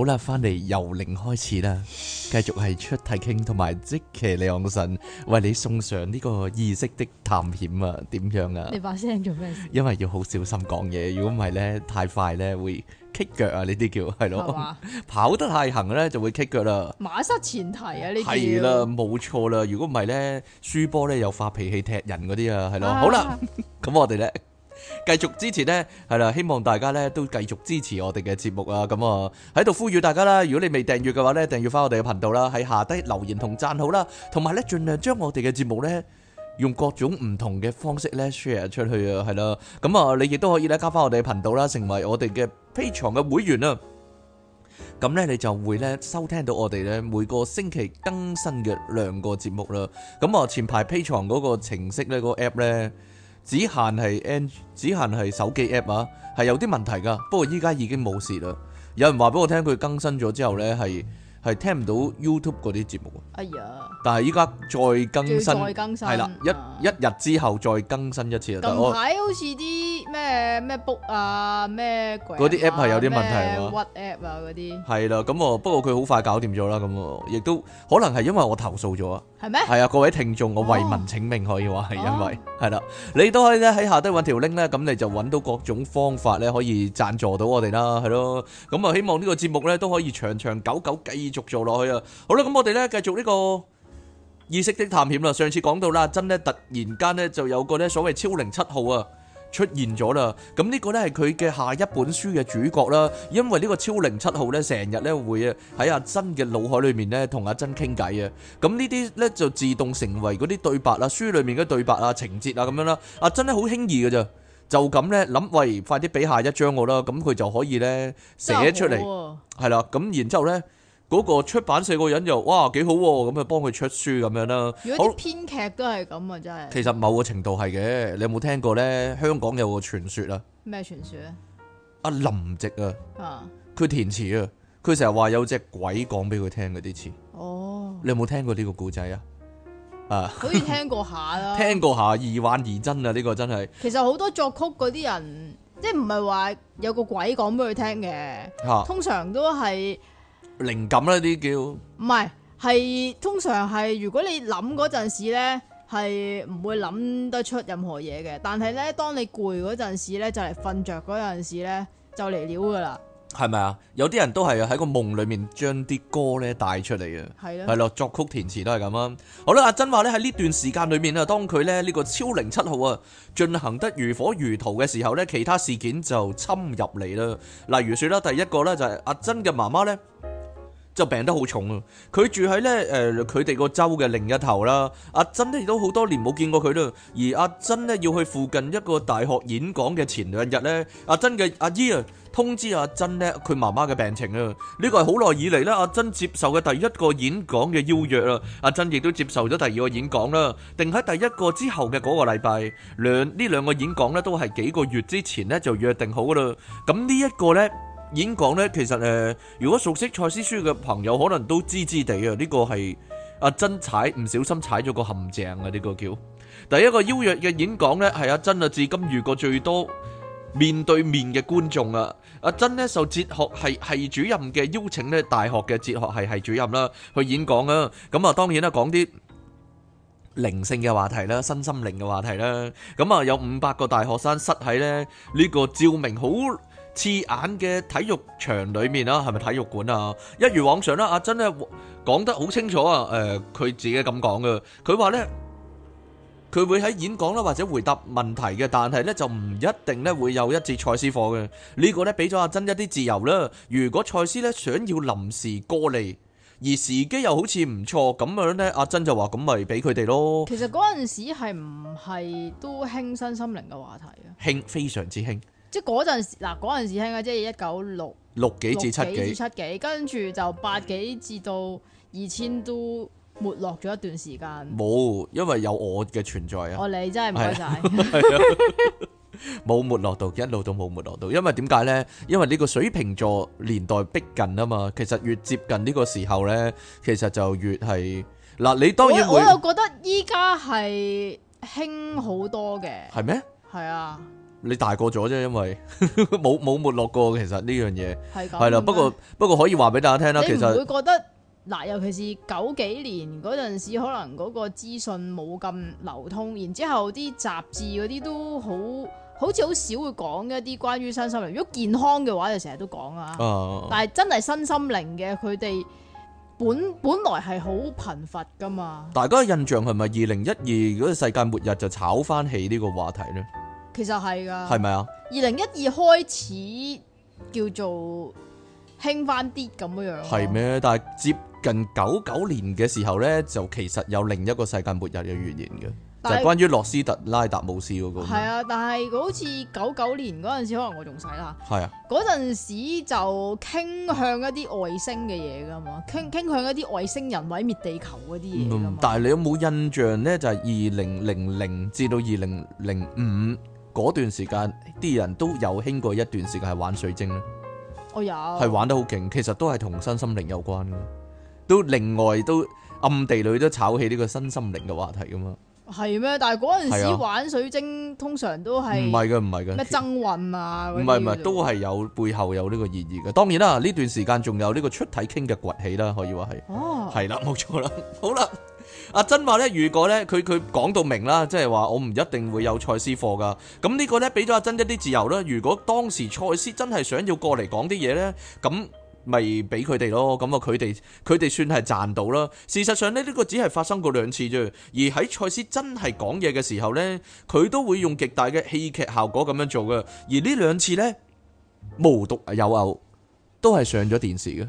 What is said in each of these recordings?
好啦，翻嚟由零開始啦，繼續係出體傾同埋即騎利昂神，為你送上呢個意識的探險啊！點樣啊？你把聲做咩？因為要好小心講嘢，如果唔係咧，太快咧會踢腳啊！呢啲叫係咯，吧跑得太行咧就會踢腳啦，馬失前蹄啊！呢啲係啦，冇錯啦，如果唔係咧輸波咧又發脾氣踢人嗰啲啊，係咯。哇好啦，咁 我哋咧。繼續支持咧，係啦，希望大家咧都繼續支持我哋嘅節目啊！咁啊，喺度呼籲大家啦，如果你未訂閱嘅話咧，訂閱翻我哋嘅頻道啦，喺下低留言同讚好啦，同埋咧盡量將我哋嘅節目咧用各種唔同嘅方式咧 share 出去啊，係啦，咁啊，你亦都可以咧加翻我哋嘅頻道啦，成為我哋嘅 Patreon 嘅會員啊！咁咧你就會咧收聽到我哋咧每個星期更新嘅兩個節目啦。咁啊前排 Patreon 嗰個程式咧，嗰個 app 咧。只限係 N，只限係手機 app 啊，係有啲問題㗎。不過依家已經冇事啦。有人話俾我聽，佢更新咗之後呢係。係聽唔到 YouTube 嗰啲節目啊！哎呀，但係依家再更新，係啦，一一日之後再更新一次就得！近排好似啲咩咩 book 啊，咩鬼嗰啲 app 係有啲問題啊嘛？WhatsApp 啊嗰啲係啦，咁哦，不過佢好快搞掂咗啦，咁哦，亦都可能係因為我投訴咗啊？係咩？係啊，各位聽眾，我為民請命可以話係因為係啦，你都可以咧喺下低搵條 link 咧，咁你就搵到各種方法咧可以贊助到我哋啦，係咯，咁啊希望呢個節目咧都可以長長久久繼。繼續做落去啊！好啦，咁我哋咧，繼續呢個意識的探險啦。上次講到啦，阿珍咧，突然間咧就有個咧所謂超零七號啊出現咗啦。咁呢個咧，係佢嘅下一本書嘅主角啦。因為呢個超零七號咧成日咧會啊喺阿珍嘅腦海裏面咧同阿珍傾偈啊。咁呢啲咧就自動成為嗰啲對白啊，書裏面嘅對白啊、情節啊咁樣啦。阿珍咧好輕易嘅咋，就咁咧諗，喂，快啲俾下一章我啦，咁佢就可以咧寫出嚟，係啦。咁然之後咧。嗰個出版社個人又哇幾好喎、啊，咁就幫佢出書咁樣啦。如果啲編劇都係咁啊，真係。其實某個程度係嘅，你有冇聽過咧？香港有個傳說啊，咩傳說？阿林夕啊，佢、啊啊、填詞啊，佢成日話有隻鬼講俾佢聽嗰啲詞。哦。你有冇聽過呢個故仔啊？啊。可以聽過下啊， 聽過下，疑幻疑真啊！呢、呢個真係。其實好多作曲嗰啲人，即係唔係話有個鬼講俾佢聽嘅？嚇、啊。通常都係。靈感啦、啊，啲叫唔係係通常係如果你諗嗰陣時咧，係唔會諗得出任何嘢嘅。但係呢，當你攰嗰陣時咧，就嚟瞓着嗰陣時咧，就嚟了噶啦。係咪啊？有啲人都係喺個夢裡面將啲歌呢帶出嚟啊。係咯、係咯，作曲填詞都係咁啊。好啦，阿珍話呢，喺呢段時間裏面啊，當佢咧呢、呢個超靈七號啊進行得如火如荼嘅時候呢，其他事件就侵入嚟啦。例如説啦，第一個呢，就係阿珍嘅媽媽呢。就病得好重啊！佢住喺咧，誒佢哋個州嘅另一頭啦。阿珍呢亦都好多年冇見過佢啦。而阿珍呢要去附近一個大學演講嘅前兩日呢，阿珍嘅阿姨啊通知阿珍呢佢媽媽嘅病情啊。呢個係好耐以嚟呢，阿珍接受嘅第一個演講嘅邀約啦。阿珍亦都接受咗第二個演講啦，定喺第一個之後嘅嗰個禮拜。兩呢兩個演講呢都係幾個月之前呢就約定好噶啦。咁呢一個呢，演講呢，其實誒，如果熟悉賽斯書嘅朋友，可能都知知地啊，呢個係阿珍踩唔小心踩咗個陷阱啊！呢個叫第一個邀約嘅演講呢，係阿珍啊，至今遇過最多面對面嘅觀眾啊！阿珍呢受哲學系系主任嘅邀請呢，大學嘅哲學系系主任啦，去演講啊！咁啊，當然啦，講啲靈性嘅話題啦，身心靈嘅話題啦。咁啊，有五百個大學生塞喺呢呢個照明好刺眼嘅體育場裏面啊，係咪體育館啊？一如往常啦，阿珍咧講得好清楚啊，誒、呃，佢自己咁講嘅，佢話呢，佢會喺演講啦或者回答問題嘅，但係呢，就唔一定咧會有一節賽斯課嘅。呢、這個呢，俾咗阿珍一啲自由啦。如果賽斯呢想要臨時過嚟，而時機又好似唔錯咁樣呢，阿珍就話咁咪俾佢哋咯。其實嗰陣時係唔係都輕身心靈嘅話題啊？輕非常之輕。即係嗰陣時，嗱陣時興嘅即係一九六六幾至七幾，幾七幾跟住就八幾至到二千都沒落咗一段時間。冇，因為有我嘅存在啊！哦你真係唔該晒，係啊，冇 沒,沒落到，一路都冇沒,沒落到。因為點解咧？因為呢個水瓶座年代逼近啊嘛。其實越接近呢個時候咧，其實就越係嗱、啊。你當然我，我又覺得依家係興好多嘅，係咩嗎？係啊。你大過咗啫，因為冇冇沒落過。其實呢樣嘢係啦，不過不過可以話俾大家聽啦。其實你唔會覺得嗱，其實尤其是九幾年嗰陣時，可能嗰個資訊冇咁流通，然之後啲雜誌嗰啲都好好似好少會講一啲關於身心靈。如果健康嘅話就，就成日都講啊。但係真係身心靈嘅，佢哋本本來係好貧乏噶嘛。大家印象係咪二零一二嗰個世界末日就炒翻起呢個話題呢。其實係噶，係咪啊？二零一二開始叫做興翻啲咁樣樣，係咩？但係接近九九年嘅時候呢，就其實有另一個世界末日嘅預言嘅，是就關於諾斯特拉達姆斯嗰個。係啊，但係好似九九年嗰陣時，可能我仲細啦。係啊，嗰陣時就傾向一啲外星嘅嘢噶嘛，傾傾向一啲外星人毀滅地球嗰啲嘢。但係你有冇印象呢？就係二零零零至到二零零五。嗰段時間，啲人都有興過一段時間係玩水晶啦，我有係玩得好勁，其實都係同身心靈有關嘅，都另外都暗地裏都炒起呢個身心靈嘅話題咁啊。係咩？但係嗰陣時玩水晶是的 通常都係唔係嘅，唔係嘅咩爭運啊？唔係唔係，都係有背後有呢個意義嘅。當然啦，呢段時間仲有呢個出體傾嘅崛起啦，可以話係。哦，係啦，冇錯啦。 好啦，阿珍話咧，如果咧佢佢講到明啦，即係話我唔一定會有賽斯課噶。咁呢個咧俾咗阿珍一啲自由啦。如果當時賽斯真係想要過嚟講啲嘢咧，咁。咪俾佢哋咯，咁啊，佢哋佢哋算係賺到啦。事實上呢，呢個只係發生過兩次啫。而喺賽斯真係講嘢嘅時候呢，佢都會用極大嘅戲劇效果咁樣做嘅。而呢兩次呢，無獨有偶，都係上咗電視嘅。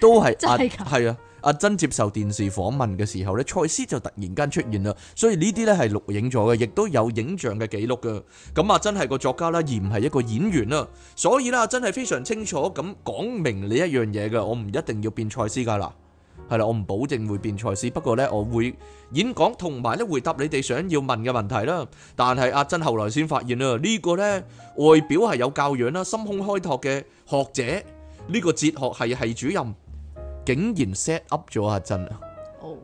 都係係啊，阿珍接受電視訪問嘅時候咧，賽斯就突然間出現啦，所以呢啲咧係錄影咗嘅，亦都有影像嘅記錄噶。咁阿珍係個作家啦，而唔係一個演員啦，所以啦，阿珍係非常清楚咁講明呢一樣嘢噶，我唔一定要變賽斯噶啦，係啦，我唔保證會變賽斯，不過咧我會演講同埋咧回答你哋想要問嘅問題啦。但係阿珍後來先發現啦，呢個咧外表係有教養啦，心胸開拓嘅學者。呢個哲學系系主任，竟然 set up 咗阿珍，啊，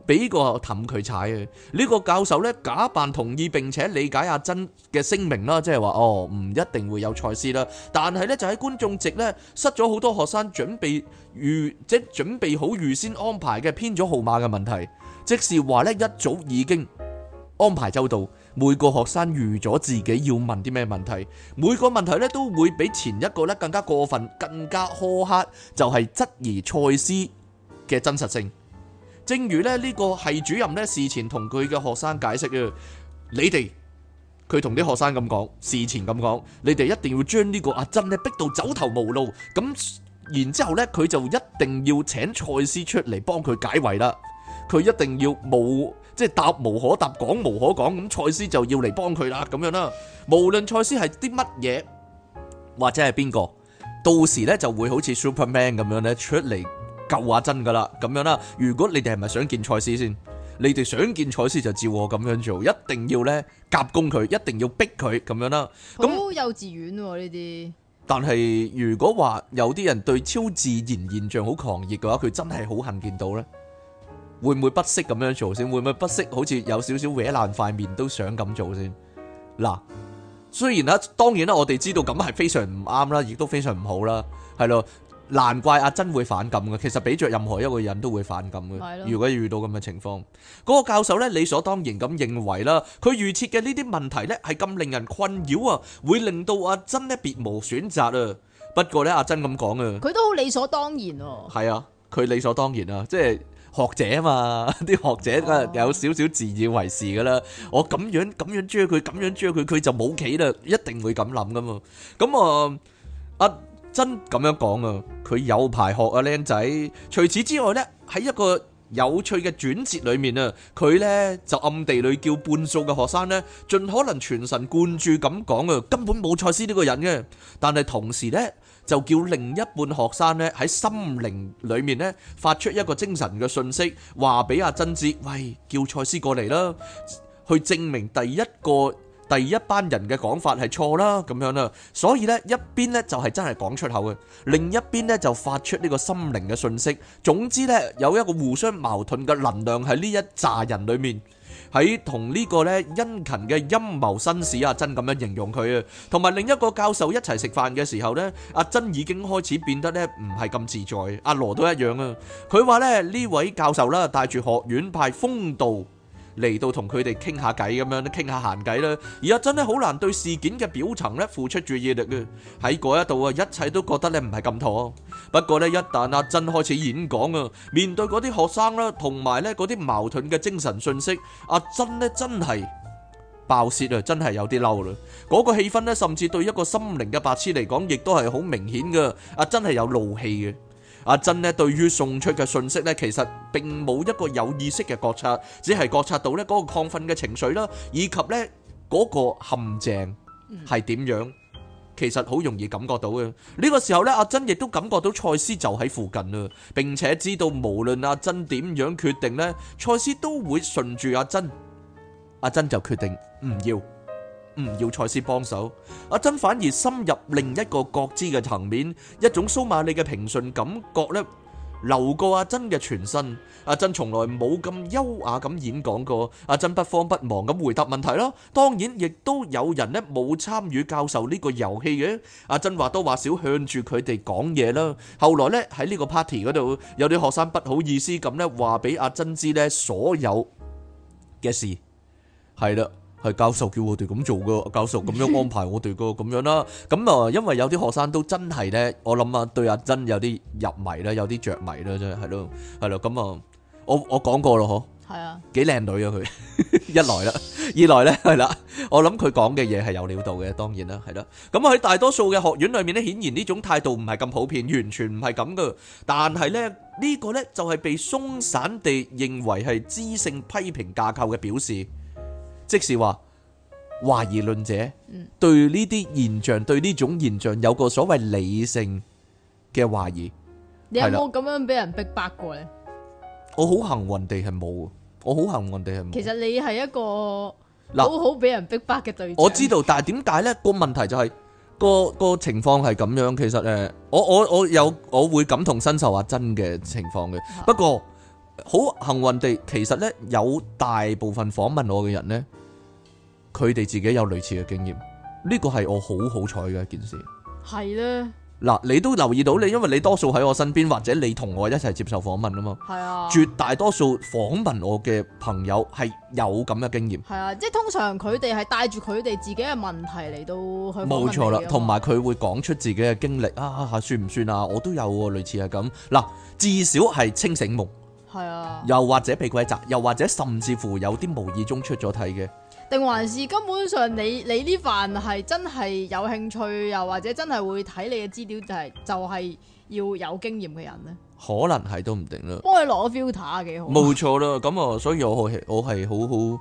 俾個氹佢踩啊！呢個教授咧假扮同意並且理解阿珍嘅聲明啦，即係話哦唔一定會有賽斯啦，但係呢，就喺觀眾席咧失咗好多學生準備預即係準備好預先安排嘅編咗號碼嘅問題，即是話呢一早已經安排周到。每個學生預咗自己要問啲咩問題，每個問題咧都會比前一個咧更加過分、更加苛刻，就係、是、質疑賽斯嘅真實性。正如咧呢個系主任咧事前同佢嘅學生解釋啊，你哋佢同啲學生咁講，事前咁講，你哋一定要將呢、這個阿、啊、珍咧逼到走投無路，咁然之後咧佢就一定要請賽斯出嚟幫佢解圍啦，佢一定要冇。即係答無可答，講無可講，咁賽斯就要嚟幫佢啦，咁樣啦。無論賽斯係啲乜嘢，或者係邊個，到時呢就會好似 Superman 咁樣呢出嚟救下珍噶啦，咁樣啦。如果你哋係咪想見賽斯先？你哋想見賽斯就照我咁樣做，一定要呢夾攻佢，一定要逼佢咁樣啦。咁幼稚園呢啲。但係如果話有啲人對超自然現象好狂熱嘅話，佢真係好恨見到呢。會唔會不惜咁樣做先？會唔會不惜好似有少少搲爛塊面都想咁做先？嗱，雖然啦，當然啦，我哋知道咁係非常唔啱啦，亦都非常唔好啦，係咯，難怪阿珍會反感嘅。其實畀著任何一個人都會反感嘅。係咯。如果遇到咁嘅情況，嗰個教授呢理所當然咁認為啦，佢預設嘅呢啲問題呢係咁令人困擾啊，會令到阿珍呢別無選擇啊。不過呢，阿珍咁講啊，佢都好理所當然。係啊，佢理所當然啊，即係。學者啊嘛，啲學者啊有少少自以為是噶啦。我咁樣咁樣追佢，咁樣追佢，佢就冇企啦，一定會咁諗噶嘛。咁啊，阿珍咁樣講啊，佢有排學啊，靚仔。除此之外咧，喺一個有趣嘅轉折裏面啊，佢咧就暗地裏叫半數嘅學生咧，盡可能全神貫注咁講啊，根本冇賽斯呢個人嘅。但係同時咧。就叫另一半學生咧，喺心靈裏面咧發出一個精神嘅訊息，話俾阿珍知：喂，叫賽斯過嚟啦，去證明第一個第一班人嘅講法係錯啦，咁樣啦。所以咧，一邊咧就係真係講出口嘅，另一邊咧就發出呢個心靈嘅訊息。總之咧，有一個互相矛盾嘅能量喺呢一紮人裏面。喺同呢個咧殷勤嘅陰謀紳士阿珍咁樣形容佢啊，同埋另一個教授一齊食飯嘅時候咧，阿珍已經開始變得咧唔係咁自在，阿羅都一樣啊。佢話咧呢位教授啦，帶住學院派風度。嚟到同佢哋傾下偈咁樣咧，傾下閒偈啦。而阿珍咧好難對事件嘅表層咧付出注意力嘅，喺嗰一度啊，一切都覺得咧唔係咁妥。不過咧，一旦阿珍開始演講啊，面對嗰啲學生啦，同埋咧嗰啲矛盾嘅精神訊息，阿珍咧真係爆泄啊，真係有啲嬲啦。嗰個氣氛咧，甚至對一個心靈嘅白痴嚟講，亦都係好明顯嘅。阿珍係有怒氣嘅。阿珍咧對於送出嘅訊息咧，其實並冇一個有意識嘅覺察，只係覺察到咧嗰個亢奮嘅情緒啦，以及咧嗰個陷阱係點樣，其實好容易感覺到嘅。呢、這個時候咧，阿珍亦都感覺到賽斯就喺附近啊，並且知道無論阿珍點樣決定咧，賽斯都會順住阿珍。阿珍就決定唔要。唔要賽斯幫手，阿珍反而深入另一個覺知嘅層面，一種蘇馬利嘅平順感覺咧，流過阿珍嘅全身。阿珍從來冇咁優雅咁演講過喎，阿珍不慌不忙咁回答問題咯。當然亦都有人咧冇參與教授呢個遊戲嘅，阿珍話多話少向住佢哋講嘢啦。後來咧喺呢個 party 嗰度，有啲學生不好意思咁咧話俾阿珍知咧所有嘅事，係啦。係教授叫我哋咁做噶教授咁樣安排我哋噶咁樣啦。咁啊，因為有啲學生都真係咧，我諗啊，對阿珍有啲入迷啦，有啲着迷啦，真係係咯，係咯。咁啊，我我講過咯，嗬，係啊，幾靚女啊佢，一來啦，二來咧係啦。我諗佢講嘅嘢係有料到嘅，當然啦，係啦。咁啊喺大多數嘅學院裏面咧，顯然呢種態度唔係咁普遍，完全唔係咁噶。但係咧呢個咧就係被鬆散地認為係知性批評架構嘅表示。即是話懷疑論者對呢啲現象，對呢種現象有個所謂理性嘅懷疑。你有冇咁樣俾人逼迫過咧？我好幸運地係冇，我好幸運地係冇。其實你係一個好好俾人逼迫嘅對象。我知道，但係點解咧？個問題就係、是、個個情況係咁樣。其實誒，我我我有我會感同身受話、啊、真嘅情況嘅，不過。好幸運地，其實咧有大部分訪問我嘅人呢，佢哋自己有類似嘅經驗。呢個係我好好彩嘅一件事。係咧嗱，你都留意到，你因為你多數喺我身邊，或者你同我一齊接受訪問啊嘛。係啊，絕大多數訪問我嘅朋友係有咁嘅經驗。係啊，即係通常佢哋係帶住佢哋自己嘅問題嚟到去。冇錯啦，同埋佢會講出自己嘅經歷啊，算唔算啊？我都有類似係咁。嗱，至少係清醒夢。係啊，又或者被鬼摘，又或者甚至乎有啲無意中出咗睇嘅，定還是根本上你你呢份係真係有興趣，又或者真係會睇你嘅資料，是就係就係要有經驗嘅人呢？可能係都唔定啦。幫佢攞 filter 幾好。冇錯啦，咁啊，所以我我係我係好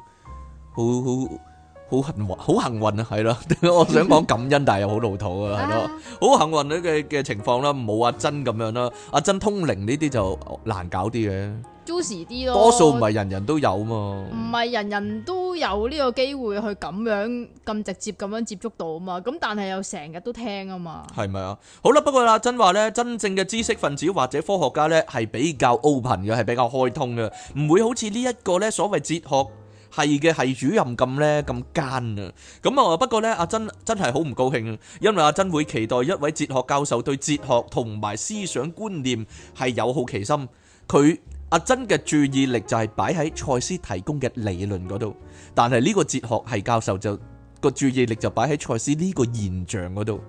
好好好。好幸好幸運啊，係咯！我想講感恩，但係又好老土啊，係咯！好幸運嘅嘅情況啦，冇阿珍咁樣啦，阿珍通靈呢啲就難搞啲嘅，多時啲咯。多數唔係人人都有嘛，唔係人人都有呢個機會去咁樣咁直接咁樣接觸到啊嘛。咁但係又成日都聽啊嘛。係咪啊？好啦，不過阿珍話呢，真正嘅知識分子或者科學家呢，係比較 open 嘅，係比較開通嘅，唔會好似呢一個呢所謂哲學。係嘅，係主任咁呢，咁奸啊！咁啊，不過呢，阿珍真係好唔高興，因為阿珍會期待一位哲學教授對哲學同埋思想觀念係有好奇心。佢阿珍嘅注意力就係擺喺賽斯提供嘅理論嗰度，但係呢個哲學系教授就，個注意力就擺喺賽斯呢個現象嗰度。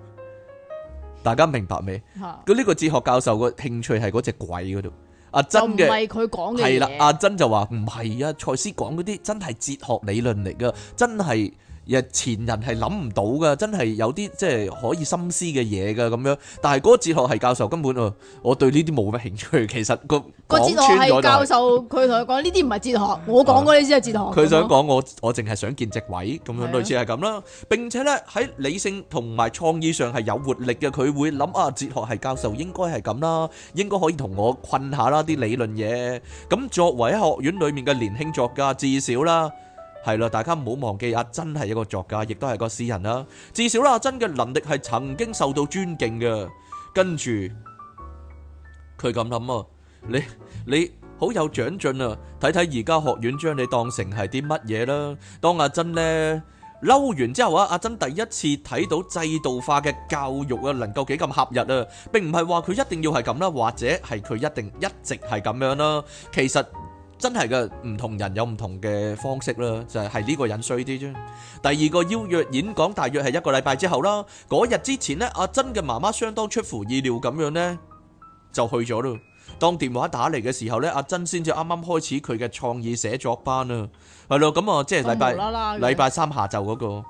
大家明白未？佢呢，啊、個哲學教授嘅興趣係嗰隻鬼嗰度。阿珍嘅，係啦、啊！阿珍就話唔係啊，啊，賽斯講嗰啲真係哲學理論嚟噶，真係。日前人係諗唔到噶，真係有啲即係可以深思嘅嘢噶咁樣。但係嗰哲學系教授根本啊，我對呢啲冇乜興趣。其實個哲學系教授，佢同佢講呢啲唔係哲學，我講嗰啲先係哲學。佢、啊、想講我，我淨係想見席位咁樣，類似係咁啦。啊、並且呢，喺理性同埋創意上係有活力嘅，佢會諗啊，哲學系教授應該係咁啦，應該可以同我困下啦啲理論嘢。咁作為學院裏面嘅年輕作家，至少啦。係啦，大家唔好忘記阿珍係一個作家，亦都係個詩人啦。至少啦，阿珍嘅能力係曾經受到尊敬嘅。跟住佢咁諗啊，你你好有長進啊！睇睇而家學院將你當成係啲乜嘢啦？當阿珍呢嬲完之後啊，阿珍第一次睇到制度化嘅教育啊，能夠幾咁狹日啊，並唔係話佢一定要係咁啦，或者係佢一定一直係咁樣啦。其實。真係嘅，唔同人有唔同嘅方式啦，就係呢個人衰啲啫。第二個邀約演講大約係一個禮拜之後啦。嗰日之前咧，阿珍嘅媽媽相當出乎意料咁樣咧，就去咗咯。當電話打嚟嘅時候咧，阿珍先至啱啱開始佢嘅創意寫作班啊，係咯，咁啊，即係禮拜禮拜三下晝嗰個。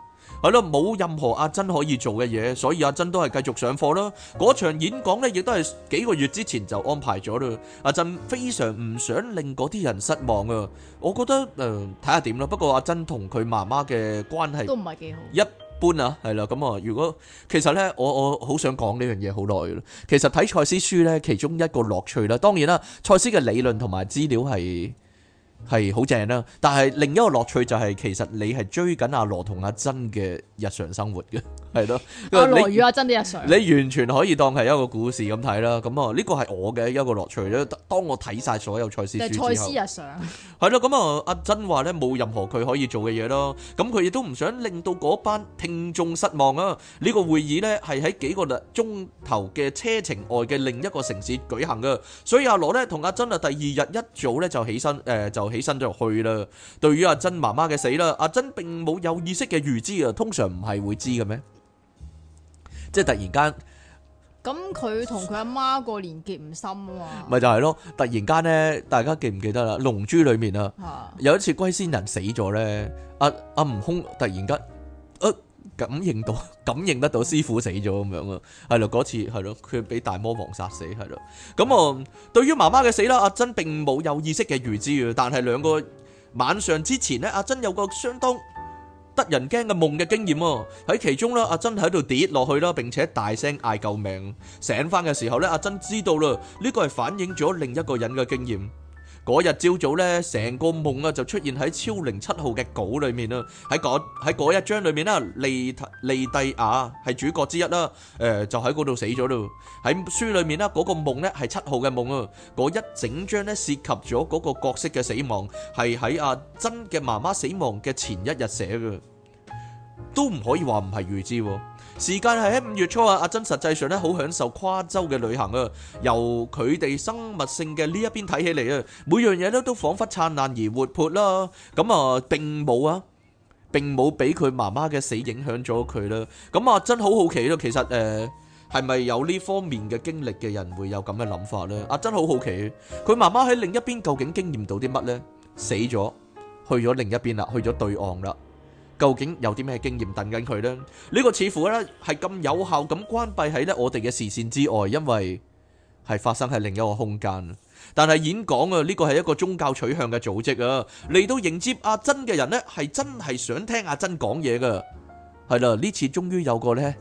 係咯，冇任何阿珍可以做嘅嘢，所以阿珍都係繼續上課啦。嗰場演講呢，亦都係幾個月之前就安排咗啦。阿珍非常唔想令嗰啲人失望啊！我覺得誒，睇下點啦。不過阿珍同佢媽媽嘅關係都唔係幾好，一般啊，係啦。咁、嗯、啊，如果其實呢，我我好想講呢樣嘢好耐。其實睇賽斯書呢，其中一個樂趣啦，當然啦，賽斯嘅理論同埋資料係。係好正啦，但係另一個樂趣就係其實你係追緊阿羅同阿珍嘅日常生活嘅。係咯，阿羅與阿珍啲日常，你完全可以當係一個故事咁睇啦。咁啊，呢個係我嘅一個樂趣啦。當我睇曬所有賽斯之後，賽斯日常。係咯，咁啊，阿珍話咧冇任何佢可以做嘅嘢咯。咁佢亦都唔想令到嗰班聽眾失望啊。呢個會議咧係喺幾個嘞鐘頭嘅車程外嘅另一個城市舉行噶。所以阿羅咧同阿珍啊，第二日一早咧就起身，誒就起身就去啦。對於阿珍媽媽嘅死啦，阿珍並冇有意識嘅預知啊。通常唔係會知嘅咩？即係突然間，咁佢同佢阿媽個連結唔深啊，咪就係咯，突然間咧，大家記唔記得啦？《龍珠》裏面啊，有一次龜仙人死咗咧，阿阿悟空突然間，啊感應到感應得到師傅死咗咁樣啊，係咯嗰次係咯，佢俾大魔王殺死係咯，咁啊、嗯，對於媽媽嘅死啦，阿珍並冇有，有意識嘅預知，但係兩個晚上之前咧，阿珍有個相當得人驚嘅夢嘅經驗喎，喺其中啦，阿珍喺度跌落去啦，並且大聲嗌救命。醒返嘅時候咧，阿珍知道啦，呢個係反映咗另一個人嘅經驗。嗰日朝早咧，成個夢啊就出現喺超靈七號嘅稿裏面啊，喺嗰喺嗰一章裏面啦，莉莉蒂亞係主角之一啦，誒就喺嗰度死咗咯，喺書裏面啦嗰個夢咧係七號嘅夢啊，嗰一整章咧涉及咗嗰個角色嘅死亡，係喺阿珍嘅媽媽死亡嘅前一日寫嘅，都唔可以話唔係預知。時間係喺五月初啊，阿珍實際上咧好享受跨洲嘅旅行啊。由佢哋生物性嘅呢一邊睇起嚟啊，每樣嘢咧都仿佛燦爛而活潑啦。咁啊，並冇啊，並冇俾佢媽媽嘅死影響咗佢啦。咁啊，珍好好奇咯。其實誒，係咪有呢方面嘅經歷嘅人會有咁嘅諗法呢？阿珍好好奇，佢媽媽喺另一邊究竟經驗到啲乜呢？死咗，去咗另一邊啦，去咗對岸啦。究竟有啲咩經驗等緊佢呢？呢個似乎咧係咁有效咁關閉喺呢我哋嘅視線之外，因為係發生喺另一個空間。但係演講啊，呢個係一個宗教取向嘅組織啊，嚟到迎接阿珍嘅人呢係真係想聽阿珍講嘢㗎，係啦，呢次終於有個呢。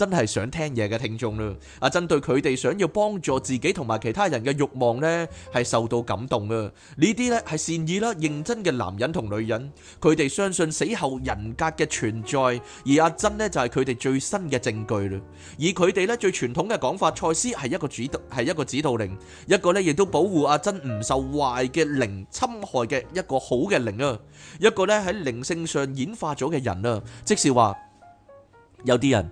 真係想聽嘢嘅聽眾啦。阿珍對佢哋想要幫助自己同埋其他人嘅欲望呢，係受到感動嘅。呢啲呢係善意啦，認真嘅男人同女人，佢哋相信死後人格嘅存在，而阿珍呢就係佢哋最新嘅證據啦。以佢哋呢最傳統嘅講法，賽斯係一個指導，係一個指導靈，一個呢亦都保護阿珍唔受壞嘅靈侵害嘅一個好嘅靈啊。一個呢喺靈性上演化咗嘅人啊，即是話有啲人。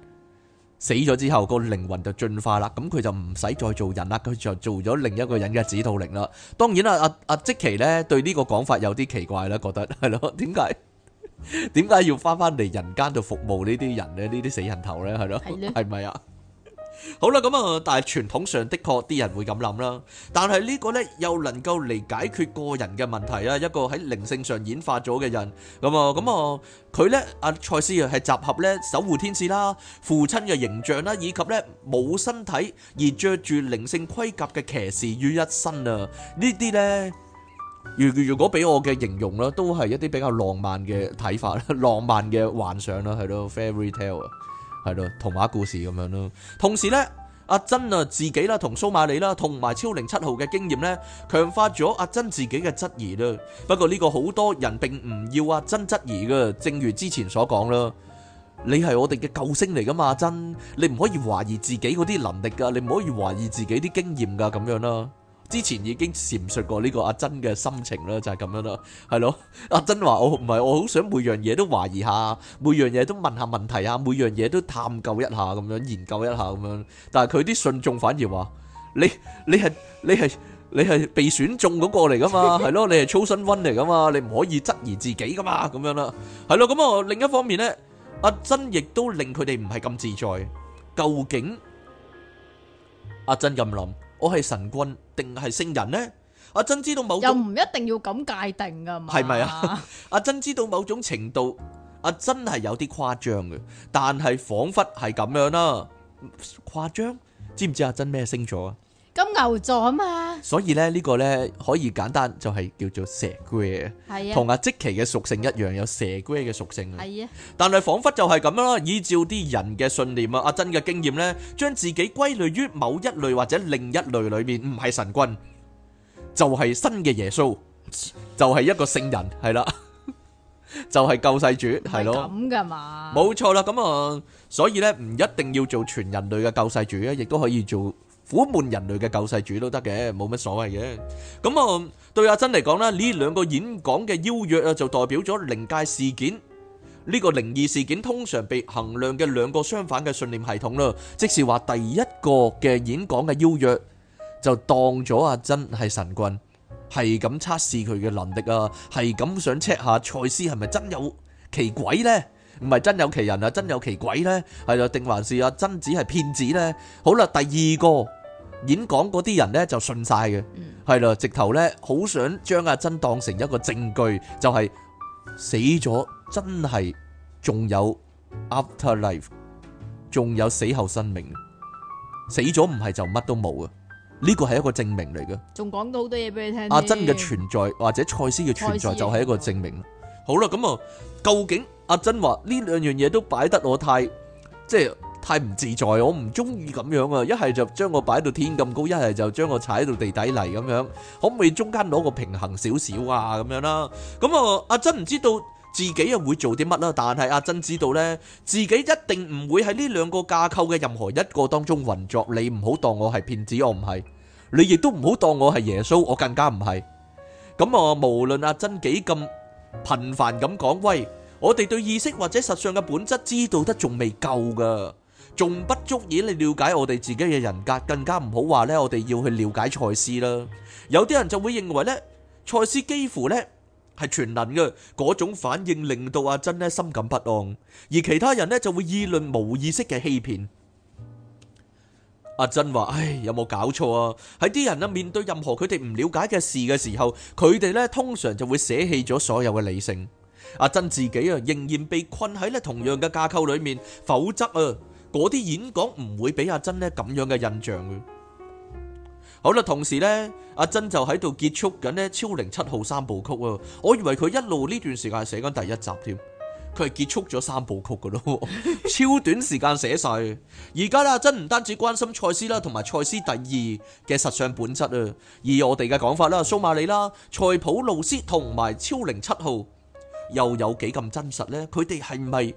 死咗之後，個靈魂就進化啦，咁佢就唔使再做人啦，佢就做咗另一個人嘅指導靈啦。當然啦，阿阿積奇呢對呢個講法有啲奇怪啦，覺得係咯，點解點解要翻翻嚟人間度服務呢啲人呢？呢啲死人頭呢？係咯，係咪啊？好啦，咁啊，但係傳統上的確啲人會咁諗啦，但係呢個呢又能夠嚟解決個人嘅問題啊，一個喺靈性上演化咗嘅人，咁啊，咁啊，佢呢阿賽斯係集合呢守護天使啦、父親嘅形象啦，以及呢冇身體而着住靈性盔甲嘅騎士於一身啊，呢啲呢如如果俾我嘅形容啦，都係一啲比較浪漫嘅睇法啦，浪漫嘅幻想啦，係咯 fairy tale 啊。係咯，童話故事咁樣咯。同時呢，阿珍啊自己啦，同蘇瑪里啦，同埋超靈七號嘅經驗呢，強化咗阿珍自己嘅質疑啦。不過呢個好多人並唔要阿珍質疑噶，正如之前所講啦，你係我哋嘅救星嚟噶嘛，阿珍，你唔可以懷疑自己嗰啲能力噶，你唔可以懷疑自己啲經驗噶，咁樣啦。之前已經闡述過呢個阿珍嘅心情啦，就係咁樣啦，係咯。阿珍話：我唔係，我好想每樣嘢都懷疑下，每樣嘢都問下問題啊，每樣嘢都探究一下咁樣，研究一下咁樣。但係佢啲信眾反而話：你你係你係你係被選中嗰個嚟噶嘛？係咯，你係 chosen one 嚟噶嘛？你唔可以質疑自己噶嘛？咁樣啦，係咯。咁啊另一方面呢，阿珍亦都令佢哋唔係咁自在。究竟阿珍咁諗？我係神棍定係聖人呢？阿珍知道某種，又唔一定要咁界定噶嘛？係咪啊？阿珍知道某種程度，阿珍係有啲誇張嘅，但係彷彿係咁樣啦。誇張，知唔知阿珍咩星座啊？金牛座啊嘛，所以咧呢個咧可以簡單就係叫做蛇龜，係啊，同阿積奇嘅屬性一樣，有蛇龜嘅屬性啊。係啊，但係仿佛就係咁啦。依照啲人嘅信念啊，阿珍嘅經驗咧，將自己歸類於某一類或者另一類裏面，唔係神棍，就係新嘅耶穌，就係一個聖人，係啦，就係救世主，係咯，咁噶嘛，冇錯啦。咁啊，所以咧唔一定要做全人類嘅救世主啊，亦都可以做。苦悶人類嘅救世主都得嘅，冇乜所謂嘅。咁啊，對阿珍嚟講咧，呢兩個演講嘅邀約啊，就代表咗靈界事件。呢個靈異事件通常被衡量嘅兩個相反嘅信念系統啦，即是話第一個嘅演講嘅邀約就當咗阿珍係神棍，係咁測試佢嘅能力啊，係咁想 check 下賽斯係咪真有其鬼呢？唔係真有其人啊，真有其鬼呢？係就定還是阿珍只係騙子呢？好啦，第二個。演講嗰啲人咧就信晒嘅，係啦，直頭咧好想將阿珍當成一個證據，就係死咗真係仲有 afterlife，仲有死後生命，死咗唔係就乜都冇啊，呢個係一個證明嚟嘅。仲講到好多嘢俾你聽。阿珍嘅存在或者賽斯嘅存在就係一個證明。好啦，咁啊，究竟阿珍話呢兩樣嘢都擺得我太即係。太唔自在，我唔中意咁樣啊！一係就將我擺到天咁高，一係就將我踩到地底泥咁樣，可唔可以中間攞個平衡少少啊？咁樣啦，咁啊，阿珍唔知道自己又會做啲乜啦，但係阿珍知道呢，自己一定唔會喺呢兩個架構嘅任何一個當中運作。你唔好當我係騙子，我唔係，你亦都唔好當我係耶穌，我更加唔係。咁啊，無論阿珍幾咁頻繁咁講，喂，我哋對意識或者實相嘅本質知道得仲未夠噶。仲不足以你了解我哋自己嘅人格，更加唔好話咧，我哋要去了解賽斯啦。有啲人就會認為咧，賽斯幾乎咧係全能嘅。嗰種反應令到阿珍咧心感不安，而其他人咧就會議論無意識嘅欺騙。阿珍話：唉，有冇搞錯啊？喺啲人啊面對任何佢哋唔了解嘅事嘅時候，佢哋咧通常就會捨棄咗所有嘅理性。阿珍自己啊仍然被困喺咧同樣嘅架構裏面，否則啊。嗰啲演講唔會俾阿珍呢咁樣嘅印象嘅。好啦，同時呢，阿珍就喺度結束緊咧超零七號三部曲啊！我以為佢一路呢段時間係寫緊第一集添，佢係結束咗三部曲嘅咯，超短時間寫晒。而家咧，阿珍唔單止關心賽斯啦，同埋賽斯第二嘅實相本質啊，而我哋嘅講法啦，蘇馬里啦、賽普魯斯同埋超零七號又有幾咁真實呢？佢哋係咪？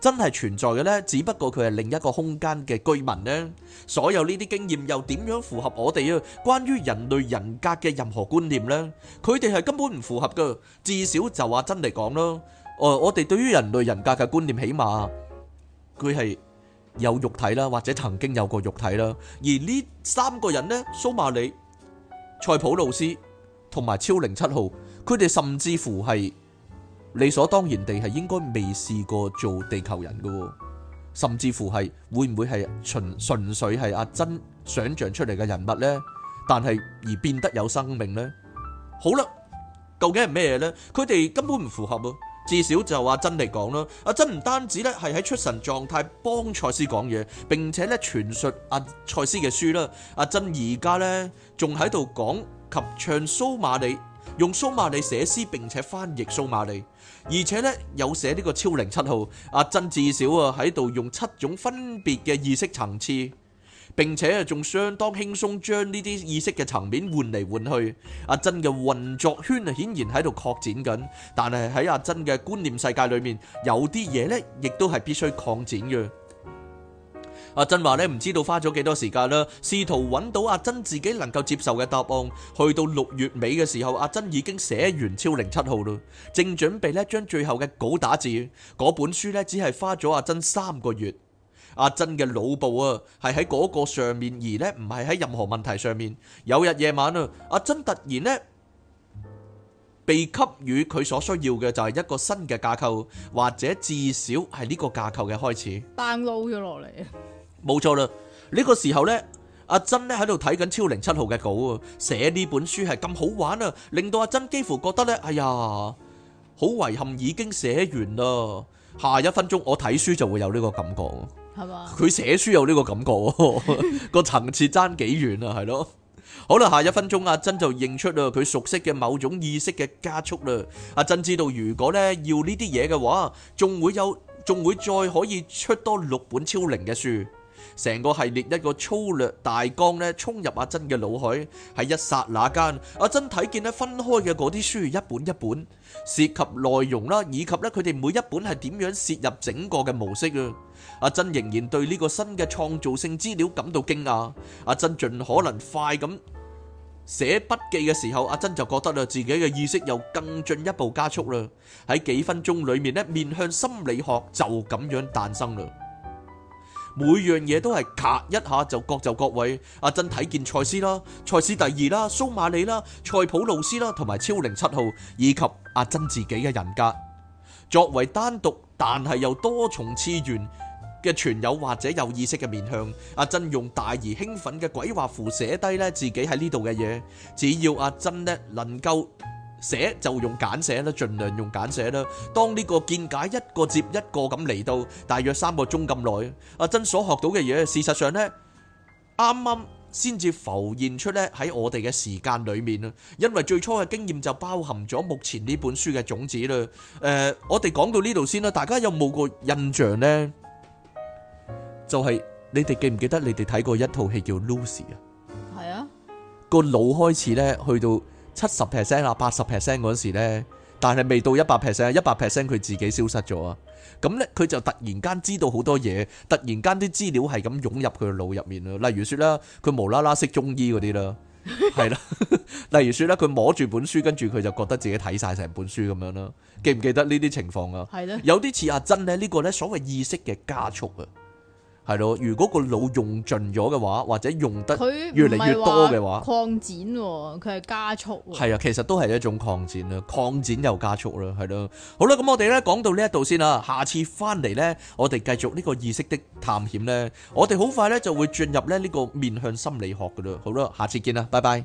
真係存在嘅咧，只不過佢係另一個空間嘅居民咧。所有呢啲經驗又點樣符合我哋啊？關於人類人格嘅任何觀念咧，佢哋係根本唔符合噶。至少就話真嚟講咯，誒，我哋對於人類人格嘅觀念，起碼佢係有肉體啦，或者曾經有過肉體啦。而呢三個人咧，蘇馬里、塞普路斯同埋超零七號，佢哋甚至乎係。理所當然地係應該未試過做地球人嘅，甚至乎係會唔會係純純粹係阿珍想像出嚟嘅人物呢？但係而變得有生命呢？好啦，究竟係咩呢？佢哋根本唔符合，至少就阿珍嚟講啦，阿珍唔單止咧係喺出神狀態幫賽斯講嘢，並且咧傳述阿賽斯嘅書啦，阿珍而家呢，仲喺度講及唱蘇馬利，用蘇馬利寫詩並且翻譯蘇馬利。而且咧有寫呢個超靈七號阿珍，至少啊喺度用七種分別嘅意識層次，並且仲相當輕鬆將呢啲意識嘅層面換嚟換去。阿珍嘅運作圈啊顯然喺度擴展緊，但係喺阿珍嘅觀念世界裏面，有啲嘢咧亦都係必須擴展嘅。阿珍話咧，唔知道花咗幾多時間啦，試圖揾到阿珍自己能夠接受嘅答案。去到六月尾嘅時候，阿珍已經寫完超靈七號啦，正準備咧將最後嘅稿打字。嗰本書呢只係花咗阿珍三個月。阿珍嘅腦部啊，係喺嗰個上面，而呢唔係喺任何問題上面。有日夜晚啊，阿珍突然呢，被給予佢所需要嘅，就係一個新嘅架構，或者至少係呢個架構嘅開始。崩落咗落嚟。冇錯啦，呢個時候咧，阿珍咧喺度睇緊超靈七號嘅稿，寫呢本書係咁好玩啊，令到阿珍幾乎覺得咧，哎呀，好遺憾已經寫完啦。下一分鐘我睇書就會有呢個感覺，係嘛？佢寫書有呢個感覺，個層次差幾遠啊，係咯？好啦，下一分鐘阿珍就認出啦，佢熟悉嘅某種意識嘅加速啦。阿珍知道如果咧要呢啲嘢嘅話，仲會有，仲會再可以出多六本超靈嘅書。成個系列一個粗略大綱咧，衝入阿珍嘅腦海，喺一剎那間，阿珍睇見咧分開嘅嗰啲書一本一本，涉及內容啦，以及咧佢哋每一本係點樣涉入整個嘅模式啊！阿珍仍然對呢個新嘅創造性資料感到驚訝。阿珍盡可能快咁寫筆記嘅時候，阿珍就覺得啦自己嘅意識又更進一步加速啦，喺幾分鐘裏面咧面向心理學就咁樣誕生啦。每樣嘢都係咔一下就各就各位。阿珍睇見塞斯啦，塞斯第二啦，蘇瑪利啦，塞普路斯啦，同埋超零七號以及阿珍自己嘅人格，作為單獨但係又多重次元嘅存有或者有意識嘅面向，阿珍用大而興奮嘅鬼畫符寫低咧自己喺呢度嘅嘢。只要阿珍呢能夠。寫就用簡寫啦，盡量用簡寫啦。當呢個見解一個接一個咁嚟到，大約三個鐘咁耐。阿珍所學到嘅嘢，事實上呢，啱啱先至浮現出呢喺我哋嘅時間裏面啦。因為最初嘅經驗就包含咗目前呢本書嘅種子啦。誒，我哋講到呢度先啦，大家有冇個印象呢？就係你哋記唔記得你哋睇過一套戲叫《Lucy》啊？係啊，個腦開始呢去到。七十 percent 啊，八十 percent 嗰時呢，但係未到一百 percent，一百 percent 佢自己消失咗啊！咁呢，佢就突然間知道好多嘢，突然間啲資料係咁湧入佢腦入面咯。例如說啦，佢無啦啦識中醫嗰啲啦，係啦 對了。 例如說咧，佢摸住本書，跟住佢就覺得自己睇晒成本書咁樣啦。記唔記得呢啲情況啊？係咯，有啲似阿珍呢，呢、呢個呢所謂意識嘅加速啊。係咯，如果個腦用盡咗嘅話，或者用得越嚟越多嘅話，擴展喎，佢係加速。係啊，其實都係一種擴展啊，擴展又加速啦，係咯。好啦，咁我哋咧講到呢一度先啦，下次翻嚟咧，我哋繼續呢個意識的探險咧，我哋好快咧就會進入咧呢個面向心理學噶啦。好啦，下次見啦，拜拜。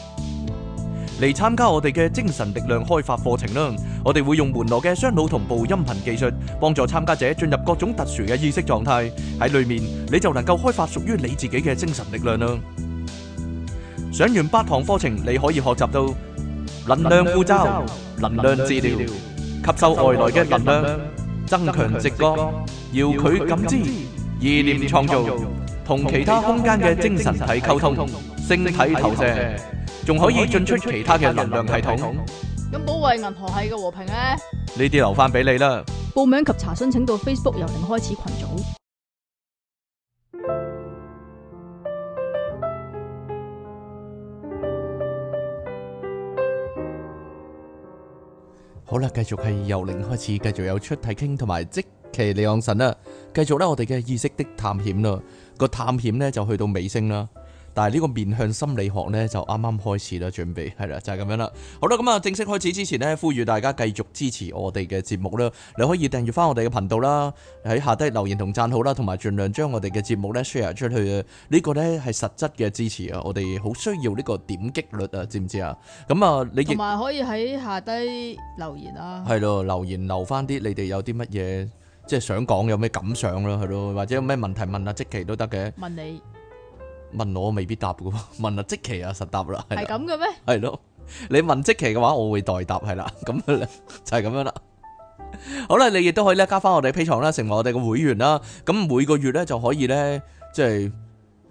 嚟參加我哋嘅精神力量開發課程啦！我哋會用門羅嘅雙腦同步音頻技術，幫助參加者進入各種特殊嘅意識狀態。喺裏面你就能夠開發屬於你自己嘅精神力量啦！上完八堂課程，你可以學習到能量護罩、能量治療、吸收外來嘅能量、增強直覺、遙距感知、意念創造、同其他空間嘅精神體溝通、星體投射。仲可以進出其他嘅能量系統。咁保衛銀河系嘅和平咧？呢啲留翻俾你啦。報名及查詢請到 Facebook 由零開始群組。好啦，繼續係由零開始，繼續有出體傾同埋即期李昂神啦。繼續咧，我哋嘅意識的探險啦，個探險咧就去到尾聲啦。但係呢個面向心理學呢，就啱啱開始啦，準備係啦，就係咁樣啦。好啦，咁啊，正式開始之前呢，呼籲大家繼續支持我哋嘅節目啦。你可以訂閱翻我哋嘅頻道啦，喺下低留言同讚好啦，同埋盡量將我哋嘅節目呢 share 出去。呢個呢係實質嘅支持啊，我哋好需要呢個點擊率啊，知唔知啊？咁啊，你同埋可以喺下低留言啊，係咯，留言留翻啲，你哋有啲乜嘢即係想講，有咩感想咯，係咯，或者有咩問題問下積奇都得嘅。問你。問我未必答噶，問阿即期啊實、啊、答啦，係咁嘅咩？係咯，你問即期嘅話，我會代答係啦，咁 就係咁樣啦。好啦，你亦都可以咧加翻我哋 P 床啦，成為我哋嘅會員啦，咁每個月咧就可以咧即係。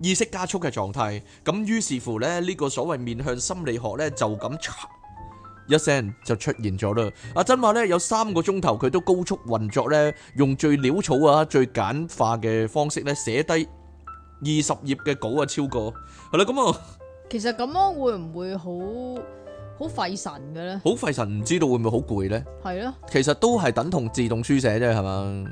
意識加速嘅狀態，咁於是乎咧，呢個所謂面向心理學咧，就咁嚓一聲就出現咗啦。阿珍話咧，有三個鐘頭佢都高速運作咧，用最潦草啊、最簡化嘅方式咧寫低二十頁嘅稿啊，超過係啦。咁啊，其實咁樣會唔會好好費神嘅咧？好費神，唔知道會唔會好攰咧？係咯，其實都係等同自動書寫啫，係嘛？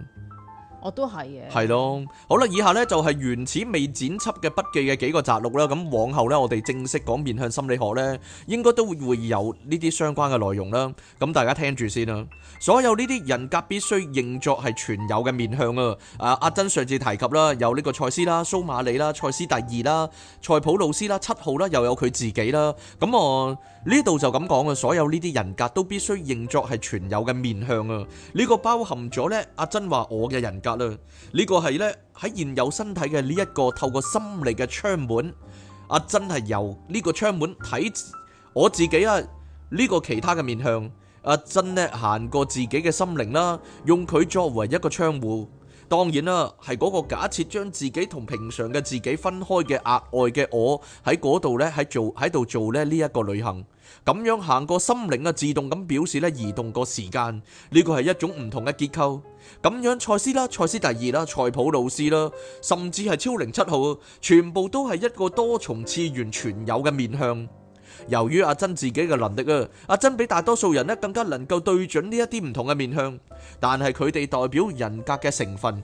我都係嘅，係咯，好啦，以下呢就係原始未剪輯嘅筆記嘅幾個摘錄啦。咁往後呢，我哋正式講面向心理學呢，應該都會會有呢啲相關嘅內容啦。咁大家聽住先啦。所有呢啲人格必須認作係存有嘅面向啊！阿阿珍上次提及啦，有呢個賽斯啦、蘇馬利啦、賽斯第二啦、塞普魯斯啦、七號啦，又有佢自己啦。咁我。呢度就咁講啊，所有呢啲人格都必須認作係存有嘅面向啊！呢、這個包含咗呢，阿珍話我嘅人格啦，呢、這個係呢，喺現有身體嘅呢一個透過心理嘅窗門，阿珍係由呢個窗門睇我自己啊，呢、這個其他嘅面向，阿珍呢，行過自己嘅心靈啦，用佢作為一個窗戶。當然啦，係嗰個假設將自己同平常嘅自己分開嘅額外嘅我喺嗰度呢，喺做喺度做咧呢一個旅行，咁樣行過心靈啊，自動咁表示呢移動個時間，呢個係一種唔同嘅結構。咁樣賽斯啦，賽斯第二啦，賽普路斯啦，甚至係超零七號，全部都係一個多重次元存有嘅面向。由於阿珍自己嘅能力啊，阿珍比大多數人咧更加能夠對準呢一啲唔同嘅面向，但係佢哋代表人格嘅成分，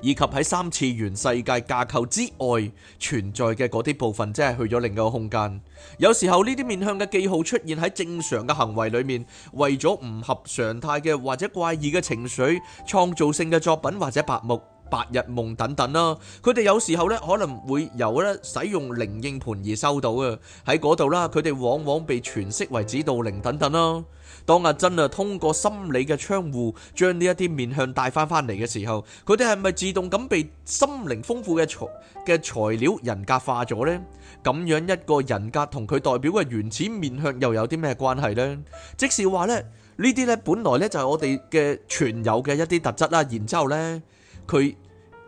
以及喺三次元世界架構之外存在嘅嗰啲部分，即係去咗另一個空間。有時候呢啲面向嘅記號出現喺正常嘅行為裏面，為咗唔合常態嘅或者怪異嘅情緒、創造性嘅作品或者白目。白日夢等等啦，佢哋有時候咧可能會由咧使用靈應盤而收到嘅喺嗰度啦，佢哋往往被詮釋為指導靈等等啦。當阿珍啊通過心理嘅窗戶將呢一啲面向帶翻翻嚟嘅時候，佢哋係咪自動咁被心靈豐富嘅材嘅材料人格化咗咧？咁樣一個人格同佢代表嘅原始面向又有啲咩關係咧？即是話咧呢啲咧本來咧就係我哋嘅存有嘅一啲特質啦，然之後咧佢。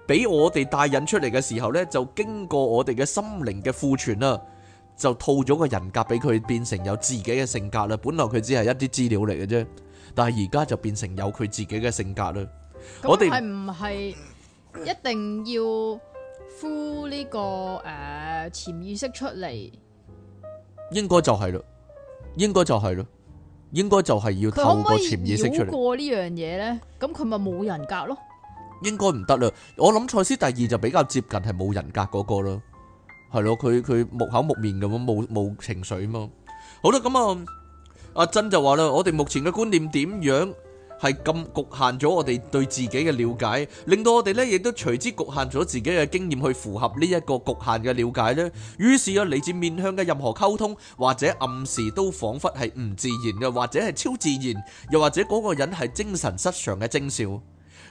俾我哋帶引出嚟嘅時候呢，就經過我哋嘅心靈嘅庫存啦，就套咗個人格俾佢，變成有自己嘅性格啦。本來佢只係一啲資料嚟嘅啫，但係而家就變成有佢自己嘅性格啦。我哋係唔係一定要呼呢個誒潛意識出嚟？應該就係咯，應該就係咯，應該就係要透過潛意識出嚟。不過呢樣嘢呢，咁佢咪冇人格咯？應該唔得啦，我諗賽斯第二就比較接近係冇人格嗰個啦，係咯，佢佢木口木面咁樣冇冇情緒啊嘛。好啦，咁啊，阿珍就話啦，我哋目前嘅觀念點樣係咁局限咗我哋對自己嘅了解，令到我哋呢亦都隨之局限咗自己嘅經驗去符合呢一個局限嘅了解呢。於是啊，嚟自面向嘅任何溝通或者暗示都仿佛係唔自然嘅，或者係超自然，又或者嗰個人係精神失常嘅徵兆。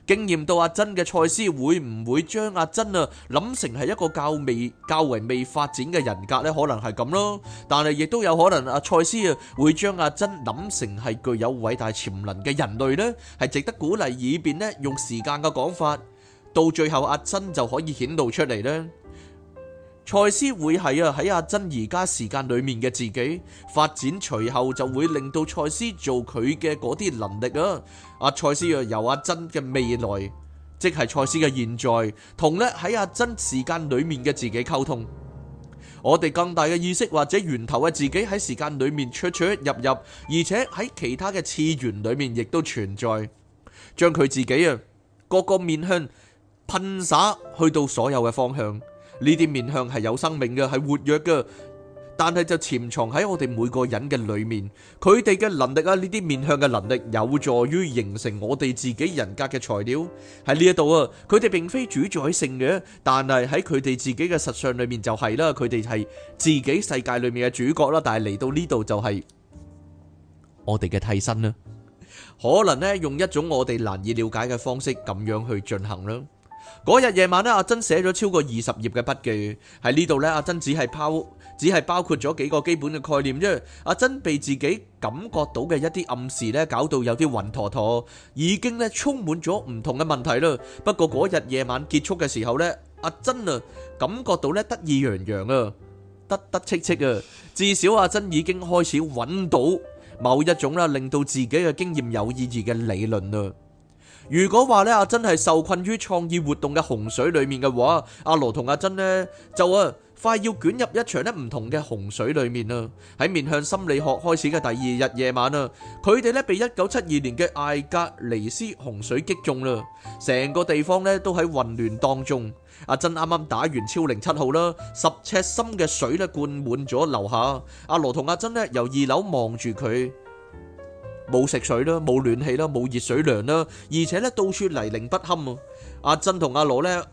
經驗到阿珍嘅賽斯會唔會將阿珍啊諗成係一個較未較為未發展嘅人格呢？可能係咁咯，但係亦都有可能阿賽斯啊會將阿珍諗成係具有偉大潛能嘅人類呢，係值得鼓勵，以便呢用時間嘅講法，到最後阿珍就可以顯露出嚟呢。賽斯會係啊，喺阿珍而家時間裏面嘅自己發展，隨後就會令到賽斯做佢嘅嗰啲能力啊。阿賽斯啊，由阿珍嘅未來，即係賽斯嘅現在，同咧喺阿珍時間裏面嘅自己溝通。我哋更大嘅意識或者源頭嘅自己喺時間裏面出出入入，而且喺其他嘅次元裏面亦都存在，將佢自己啊各個面向噴灑去到所有嘅方向。呢啲面向係有生命嘅、係活躍嘅，但係就潛藏喺我哋每個人嘅裏面。佢哋嘅能力啊，呢啲面向嘅能力，有助於形成我哋自己人格嘅材料喺呢一度啊。佢哋並非主宰性嘅，但係喺佢哋自己嘅實相裏面就係啦。佢哋係自己世界裏面嘅主角啦，但係嚟到呢度就係我哋嘅替身啦。可能呢用一種我哋難以了解嘅方式咁樣去進行啦。嗰日夜晚咧，阿珍寫咗超過二十頁嘅筆記喺呢度，呢阿珍只係包，只係包括咗幾個基本嘅概念啫。阿珍被自己感覺到嘅一啲暗示，呢搞到有啲暈陀陀，已經呢充滿咗唔同嘅問題啦。不過嗰日夜晚結束嘅時候，呢阿珍啊，感覺到咧得意洋洋啊，得得戚戚啊，至少阿珍已經開始揾到某一種啦，令到自己嘅經驗有意義嘅理論啊。如果話咧阿珍係受困於創意活動嘅洪水裏面嘅話，阿羅同阿珍呢，就啊快要捲入一場呢唔同嘅洪水裏面啦。喺面向心理學開始嘅第二日夜晚啊，佢哋呢被一九七二年嘅艾格尼斯洪水擊中啦，成個地方呢都喺混亂當中。阿珍啱啱打完超靈七號啦，十尺深嘅水咧灌滿咗樓下。阿羅同阿珍呢由二樓望住佢。冇食水啦，冇暖氣啦，冇熱水涼啦，而且咧到處泥濘不堪。阿珍同阿羅呢，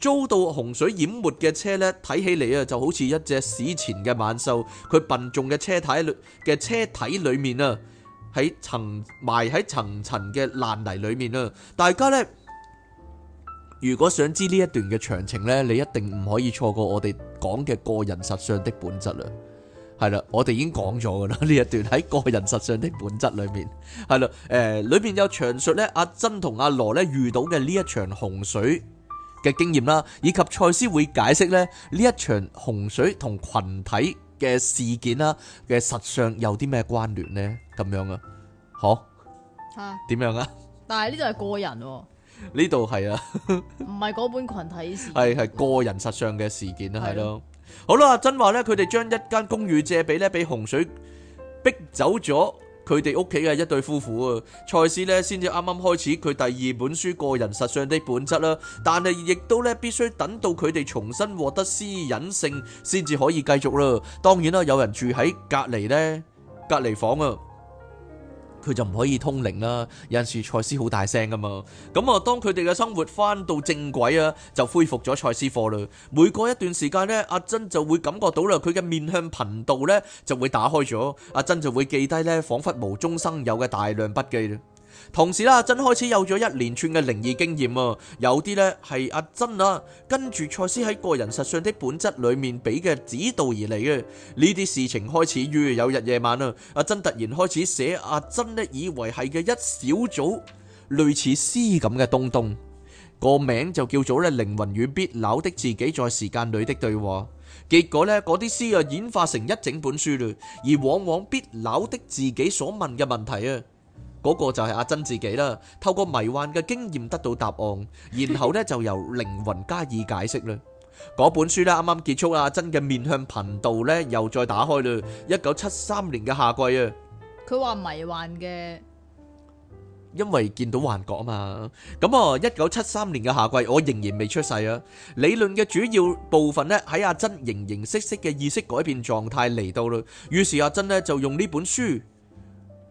遭到洪水淹沒嘅車呢，睇起嚟啊就好似一隻史前嘅猛獸，佢笨重嘅車體裏嘅車體裏面啊，喺層埋喺層層嘅爛泥裏面啊。大家呢，如果想知呢一段嘅詳情呢，你一定唔可以錯過我哋講嘅個人實相的本質啊！係啦，我哋已經講咗噶啦，呢一段喺個人實相的本質裏面，係啦，誒、呃，裏面有詳述咧，阿珍同阿羅咧遇到嘅呢一場洪水嘅經驗啦，以及賽斯會解釋咧呢一場洪水同群體嘅事件啦嘅實相有啲咩關聯呢？咁樣、啊啊、樣啊，吓，點樣啊？但係呢度係個人、哦，呢度係啊，唔係嗰本群體係係個人實相嘅事件啊。係咯對。好啦，珍話咧，佢哋將一間公寓借俾咧，俾洪水逼走咗佢哋屋企嘅一對夫婦啊。賽斯咧，先至啱啱開始佢第二本書《個人實相的本質》啦，但係亦都咧必須等到佢哋重新獲得私隱性，先至可以繼續啦。當然啦，有人住喺隔籬咧，隔籬房啊。佢就唔可以通靈啦，有陣時賽斯好大聲噶嘛，咁啊當佢哋嘅生活翻到正軌啊，就恢復咗賽斯課啦。每過一段時間呢，阿珍就會感覺到啦，佢嘅面向頻道呢就會打開咗，阿珍就會記低呢，彷彿無中生有嘅大量筆記。同時啦，阿珍開始有咗一連串嘅靈異經驗啊，有啲呢係阿珍啊跟住賽斯喺個人實相的本質裏面俾嘅指導而嚟嘅。呢啲事情開始於有日夜晚啊，阿珍突然開始寫阿珍呢以為係嘅一小組類似詩咁嘅東東，個名就叫做呢靈魂與必朽的自己在時間裏的對話。結果呢，嗰啲詩啊演化成一整本書嘞，而往往必朽的自己所問嘅問題啊。嗰個就係阿珍自己啦，透過迷幻嘅經驗得到答案，然後呢就由靈魂加以解釋啦。嗰本書呢啱啱結束啦，阿珍嘅面向頻道呢又再打開啦。一九七三年嘅夏季啊，佢話迷幻嘅，因為見到幻覺啊嘛。咁啊，一九七三年嘅夏季，我仍然未出世啊。理論嘅主要部分呢喺阿珍形形色色嘅意識改變狀態嚟到啦。於是阿珍呢就用呢本書。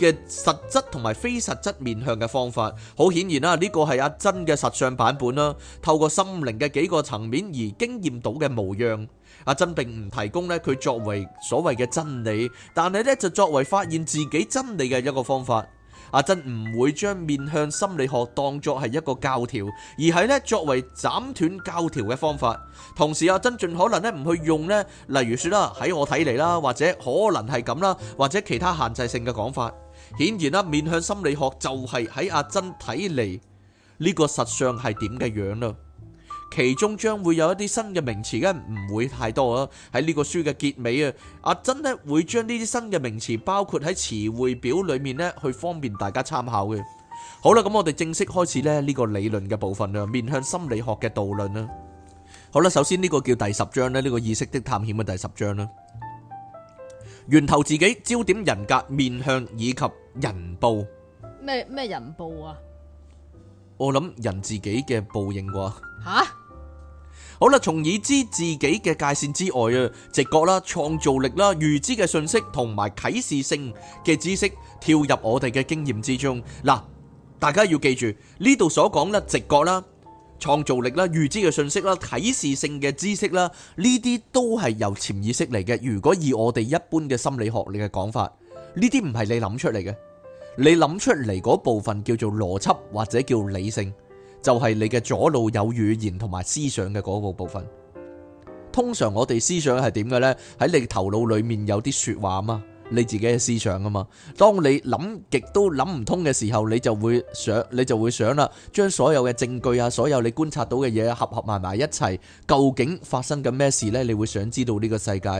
嘅實質同埋非實質面向嘅方法，好顯然啦，呢個係阿珍嘅實相版本啦。透過心靈嘅幾個層面而經驗到嘅模樣，阿珍並唔提供呢佢作為所謂嘅真理，但係呢就作為發現自己真理嘅一個方法。阿珍唔會將面向心理學當作係一個教條，而係呢作為斬斷教條嘅方法。同時，阿珍盡可能呢唔去用呢，例如説啦，喺我睇嚟啦，或者可能係咁啦，或者其他限制性嘅講法。顯然啦，面向心理學就係喺阿珍睇嚟，呢個實相係點嘅樣咯。其中將會有一啲新嘅名詞，呢唔會太多啊。喺呢個書嘅結尾啊，阿珍呢會將呢啲新嘅名詞，包括喺詞彙表裏面呢，去方便大家參考嘅。好啦，咁我哋正式開始呢，呢個理論嘅部分啊，面向心理學嘅導論啦。好啦，首先呢個叫第十章呢，呢個意識的探險嘅第十章啦。源頭、自己、焦點、人格面向，以及人報，咩咩人報啊？我諗人自己嘅報應啩？吓？好啦，從已知自己嘅界線之外啊，直覺啦、創造力啦、預知嘅信息同埋啟示性嘅知識跳入我哋嘅經驗之中嗱，大家要記住呢度所講啦，直覺啦。創造力啦、預知嘅信息啦、提示性嘅知識啦，呢啲都係由潛意識嚟嘅。如果以我哋一般嘅心理學嚟嘅講法，呢啲唔係你諗出嚟嘅，你諗出嚟嗰部分叫做邏輯或者叫理性，就係你嘅左腦有語言同埋思想嘅嗰部分。通常我哋思想係點嘅呢？喺你頭腦裡面有啲説話嘛。你自己嘅思想啊嘛，當你諗極都諗唔通嘅時候，你就會想，你就會想啦，將所有嘅證據啊，所有你觀察到嘅嘢合合埋埋一齊，究竟發生緊咩事呢？你會想知道呢個世界。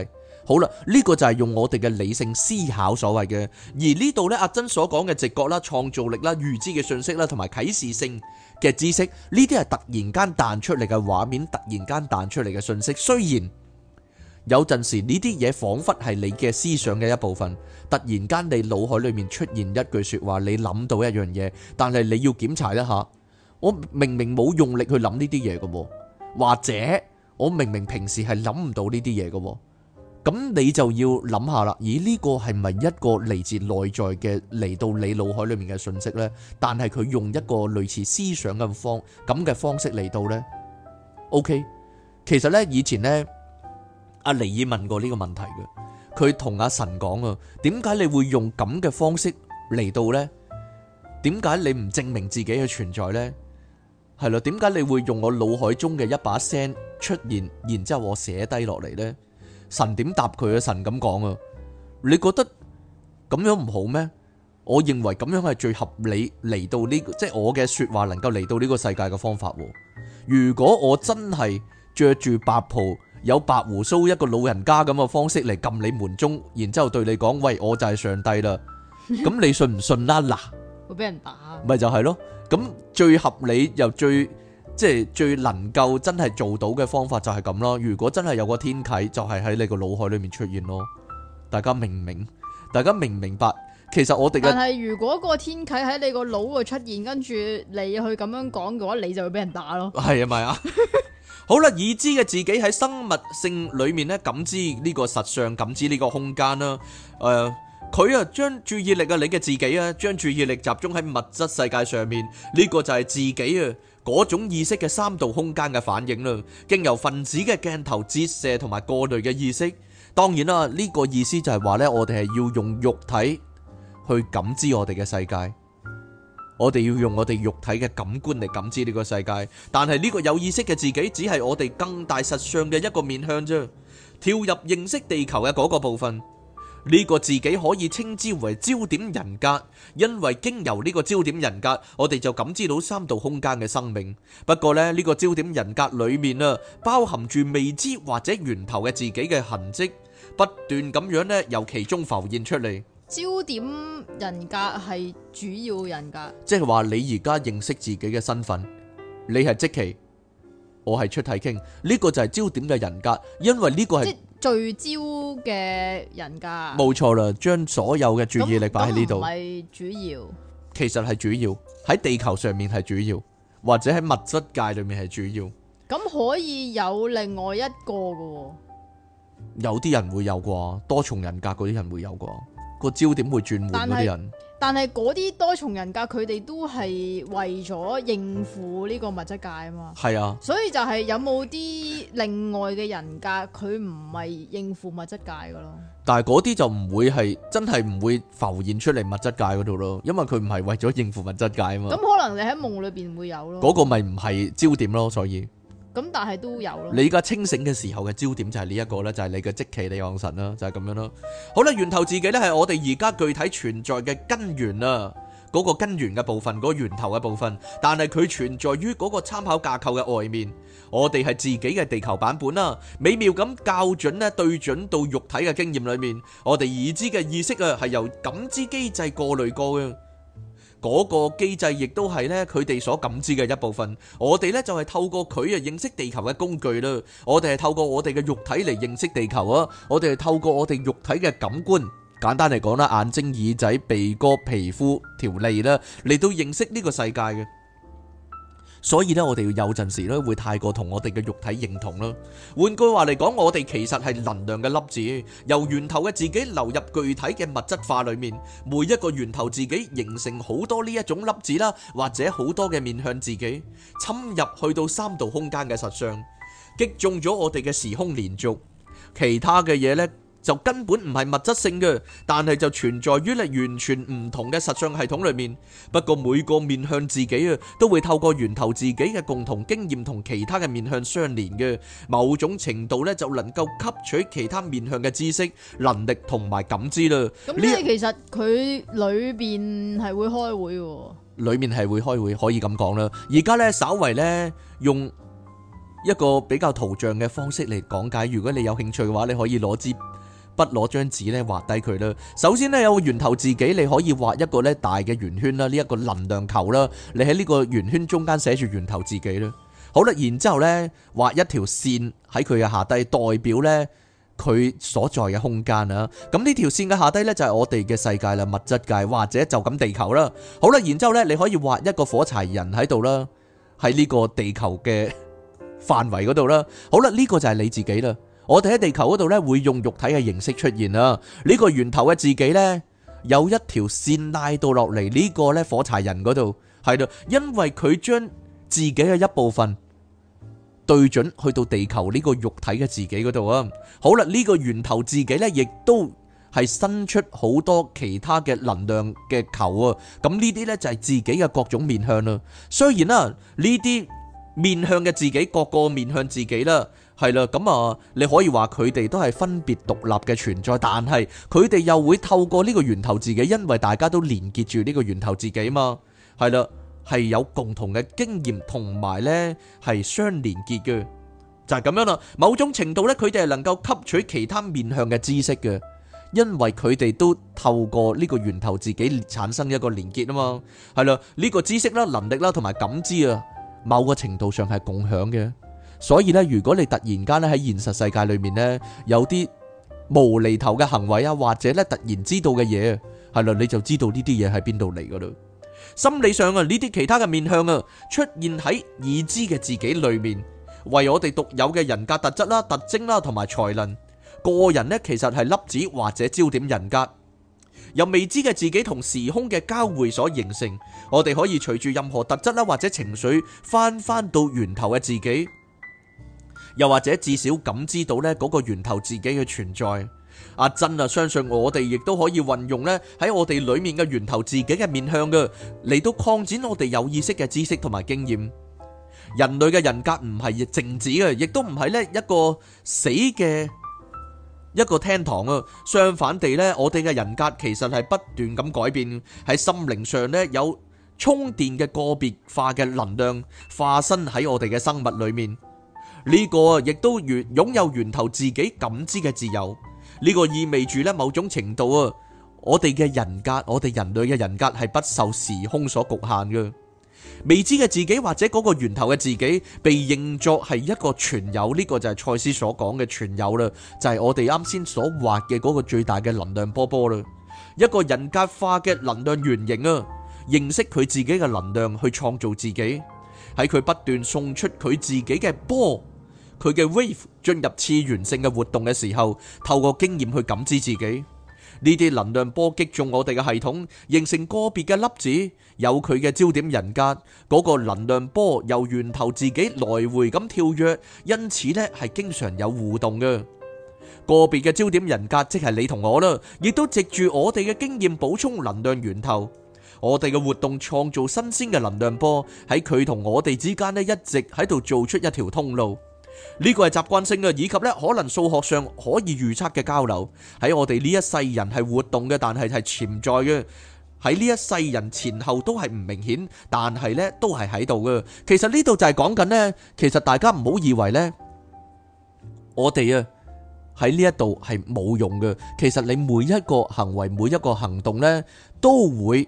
好啦，呢個就係用我哋嘅理性思考所謂嘅，而呢度呢，阿珍所講嘅直覺啦、創造力啦、預知嘅信息啦，同埋啟示性嘅知識，呢啲係突然間彈出嚟嘅畫面，突然間彈出嚟嘅信息，雖然。有陣時呢啲嘢仿佛係你嘅思想嘅一部分，突然間你腦海裏面出現一句說話，你諗到一樣嘢，但係你要檢查一下，我明明冇用力去諗呢啲嘢嘅，或者我明明平時係諗唔到呢啲嘢嘅，咁你就要諗下啦，咦，呢個係咪一個嚟自內在嘅嚟到你腦海裏面嘅信息呢？但係佢用一個類似思想嘅方咁嘅方式嚟到呢。OK，其實呢，以前呢。阿尼爾問過呢個問題嘅，佢同阿神講啊，點解你會用咁嘅方式嚟到？呢？點解你唔證明自己嘅存在呢？係咯？點解你會用我腦海中嘅一把聲出現，然之後我寫低落嚟呢？神點答佢啊？神咁講啊，你覺得咁樣唔好咩？我認為咁樣係最合理嚟到呢個，即係我嘅說話能夠嚟到呢個世界嘅方法。如果我真係着住白袍。有白鬍鬚一個老人家咁嘅方式嚟撳你門鐘，然之後對你講：喂，我就係上帝啦！咁你信唔信啦？嗱，會俾人打，咪就係咯。咁最合理又最，即係最能夠真係做到嘅方法就係咁咯。如果真係有個天啟，就係喺你個腦海裏面出現咯。大家明唔明？大家明唔明白？其實我哋嘅，但係如果個天啟喺你個腦會出現，跟住你去咁樣講嘅話，你就會俾人打咯。係啊，咪啊，好啦，已知嘅自己喺生物性裏面咧，感知呢個實相，感知呢個空間啦。誒，佢啊，將注意力啊，你嘅自己啊，將注意力集中喺物質世界上面，呢個就係自己啊嗰種意識嘅三度空間嘅反應啦，經由分子嘅鏡頭折射同埋過濾嘅意識。當然啦，呢個意思就係話咧，我哋係要用肉體。去感知我哋嘅世界，我哋要用我哋肉體嘅感官嚟感知呢個世界。但係呢個有意識嘅自己，只係我哋更大實相嘅一個面向啫。跳入認識地球嘅嗰個部分，呢個自己可以稱之為焦點人格，因為經由呢個焦點人格，我哋就感知到三度空間嘅生命。不過咧，呢個焦點人格裏面啊，包含住未知或者源頭嘅自己嘅痕跡，不斷咁樣咧由其中浮現出嚟。焦點人格係主要人格，即係話你而家認識自己嘅身份，你係即期，我係出體傾，呢個就係焦點嘅人格，因為呢個係即聚焦嘅人格。冇錯啦，將所有嘅注意力擺喺呢度。唔係主要，其實係主要，喺地球上面係主要，或者喺物質界裏面係主要。咁可以有另外一個噶、哦，有啲人會有啩，多重人格嗰啲人會有啩。個焦點會轉換嗰啲但係人，但係嗰啲多重人格佢哋都係為咗應付呢個物質界啊嘛，係、嗯、啊，所以就係有冇啲另外嘅人格，佢唔係應付物質界噶咯，但係嗰啲就唔會係真係唔會浮現出嚟物質界嗰度咯，因為佢唔係為咗應付物質界啊嘛，咁、嗯、可能你喺夢裏邊會有咯，嗰個咪唔係焦點咯，所以。咁但係都有咯。你而家清醒嘅時候嘅焦點就係呢一個咧，就係、是、你嘅即其地妄神啦，就係、是、咁樣咯。好啦，源頭自己咧係我哋而家具體存在嘅根源啊，嗰、那個根源嘅部分，嗰、那個源頭嘅部分，但係佢存在於嗰個參考架構嘅外面。我哋係自己嘅地球版本啦，美妙咁校準咧，對準到肉體嘅經驗裏面，我哋已知嘅意識啊，係由感知機制過濾過嘅。嗰個機制亦都係咧，佢哋所感知嘅一部分。我哋咧就係透過佢啊認識地球嘅工具啦。我哋係透過我哋嘅肉體嚟認識地球啊。我哋係透過我哋肉體嘅感官，簡單嚟講啦，眼睛、耳仔、鼻哥、皮膚、條脷啦，嚟到認識呢個世界嘅。所以咧，我哋要有陣時咧會太過同我哋嘅肉體認同咯。換句話嚟講，我哋其實係能量嘅粒子，由源頭嘅自己流入具體嘅物質化裡面。每一個源頭自己形成好多呢一種粒子啦，或者好多嘅面向自己，侵入去到三度空間嘅實相，擊中咗我哋嘅時空連續。其他嘅嘢呢，就根本唔係物質性嘅，但係就存在於你完全唔同嘅實相系統裏面。不過每個面向自己啊，都會透過源頭自己嘅共同經驗同其他嘅面向相連嘅，某種程度呢就能夠吸取其他面向嘅知識、能力同埋感知啦。咁呢，其實佢裏邊係會開會嘅，裏面係會開會，可以咁講啦。而家呢，稍為呢用一個比較圖像嘅方式嚟講解。如果你有興趣嘅話，你可以攞支。唔攞張紙咧，畫低佢啦。首先咧，有個源頭自己，你可以畫一個咧大嘅圓圈啦，呢一個能量球啦。你喺呢個圓圈中間寫住源頭自己啦。好啦，然之後咧畫一條線喺佢嘅下低，代表呢佢所在嘅空間啊。咁呢條線嘅下低呢，就係我哋嘅世界啦，物質界或者就咁地球啦。好啦，然之後咧你可以畫一個火柴人喺度啦，喺呢個地球嘅範圍嗰度啦。好啦，呢個就係你自己啦。我哋喺地球嗰度咧，會用肉體嘅形式出現啦。呢個源頭嘅自己咧，有一條線拉到落嚟，呢個咧火柴人嗰度，係咯，因為佢將自己嘅一部分對準去到地球呢個肉體嘅自己嗰度啊。好啦，呢個源頭自己咧，亦都係伸出好多其他嘅能量嘅球啊。咁呢啲咧就係自己嘅各種面向啦。雖然啦，呢啲面向嘅自己各個面向自己啦。係啦，咁啊，你可以話佢哋都係分別獨立嘅存在，但係佢哋又會透過呢個源頭自己，因為大家都連結住呢個源頭自己嘛。係啦，係有共同嘅經驗，同埋呢係相連結嘅，就係咁樣啦。某種程度呢，佢哋係能夠吸取其他面向嘅知識嘅，因為佢哋都透過呢個源頭自己產生一個連結啊嘛。係啦，呢個知識啦、能力啦同埋感知啊，某個程度上係共享嘅。所以咧，如果你突然間咧喺現實世界裏面呢，有啲無厘頭嘅行為啊，或者咧突然知道嘅嘢，係啦，你就知道呢啲嘢喺邊度嚟噶啦。心理上啊，呢啲其他嘅面向啊，出現喺已知嘅自己裏面，為我哋獨有嘅人格特質啦、特徵啦，同埋才能。個人呢，其實係粒子或者焦點人格，由未知嘅自己同時空嘅交匯所形成。我哋可以隨住任何特質啦或者情緒翻翻到源頭嘅自己。又或者至少感知到呢嗰個源頭自己嘅存在，阿珍啊，相信我哋亦都可以運用呢喺我哋裏面嘅源頭自己嘅面向嘅嚟到擴展我哋有意識嘅知識同埋經驗。人類嘅人格唔係靜止嘅，亦都唔係呢一個死嘅一個廳堂啊。相反地呢，我哋嘅人格其實係不斷咁改變，喺心靈上呢有充電嘅個別化嘅能量化身喺我哋嘅生物裏面。呢個亦都源擁有源頭自己感知嘅自由。呢、這個意味住咧，某種程度啊，我哋嘅人格，我哋人類嘅人格係不受時空所局限嘅。未知嘅自己或者嗰個源頭嘅自己被認作係一個全有，呢、這個就係賽斯所講嘅全有啦，就係、是、我哋啱先所畫嘅嗰個最大嘅能量波波啦，一個人格化嘅能量原型啊，認識佢自己嘅能量去創造自己，喺佢不斷送出佢自己嘅波。佢嘅 wave 進入次元性嘅活動嘅時候，透過經驗去感知自己。呢啲能量波擊中我哋嘅系統，形成個別嘅粒子，有佢嘅焦點人格。嗰個能量波由源頭自己來回咁跳躍，因此呢係經常有互動嘅。個別嘅焦點人格即係你同我啦，亦都藉住我哋嘅經驗補充能量源頭。我哋嘅活動創造新鮮嘅能量波喺佢同我哋之間呢，一直喺度做出一條通路。呢個係習慣性嘅，以及呢可能數學上可以預測嘅交流喺我哋呢一世人係活動嘅，但係係潛在嘅，喺呢一世人前後都係唔明顯，但係呢都係喺度嘅。其實呢度就係講緊呢，其實大家唔好以為呢，我哋啊喺呢一度係冇用嘅。其實你每一個行為、每一個行動呢，都會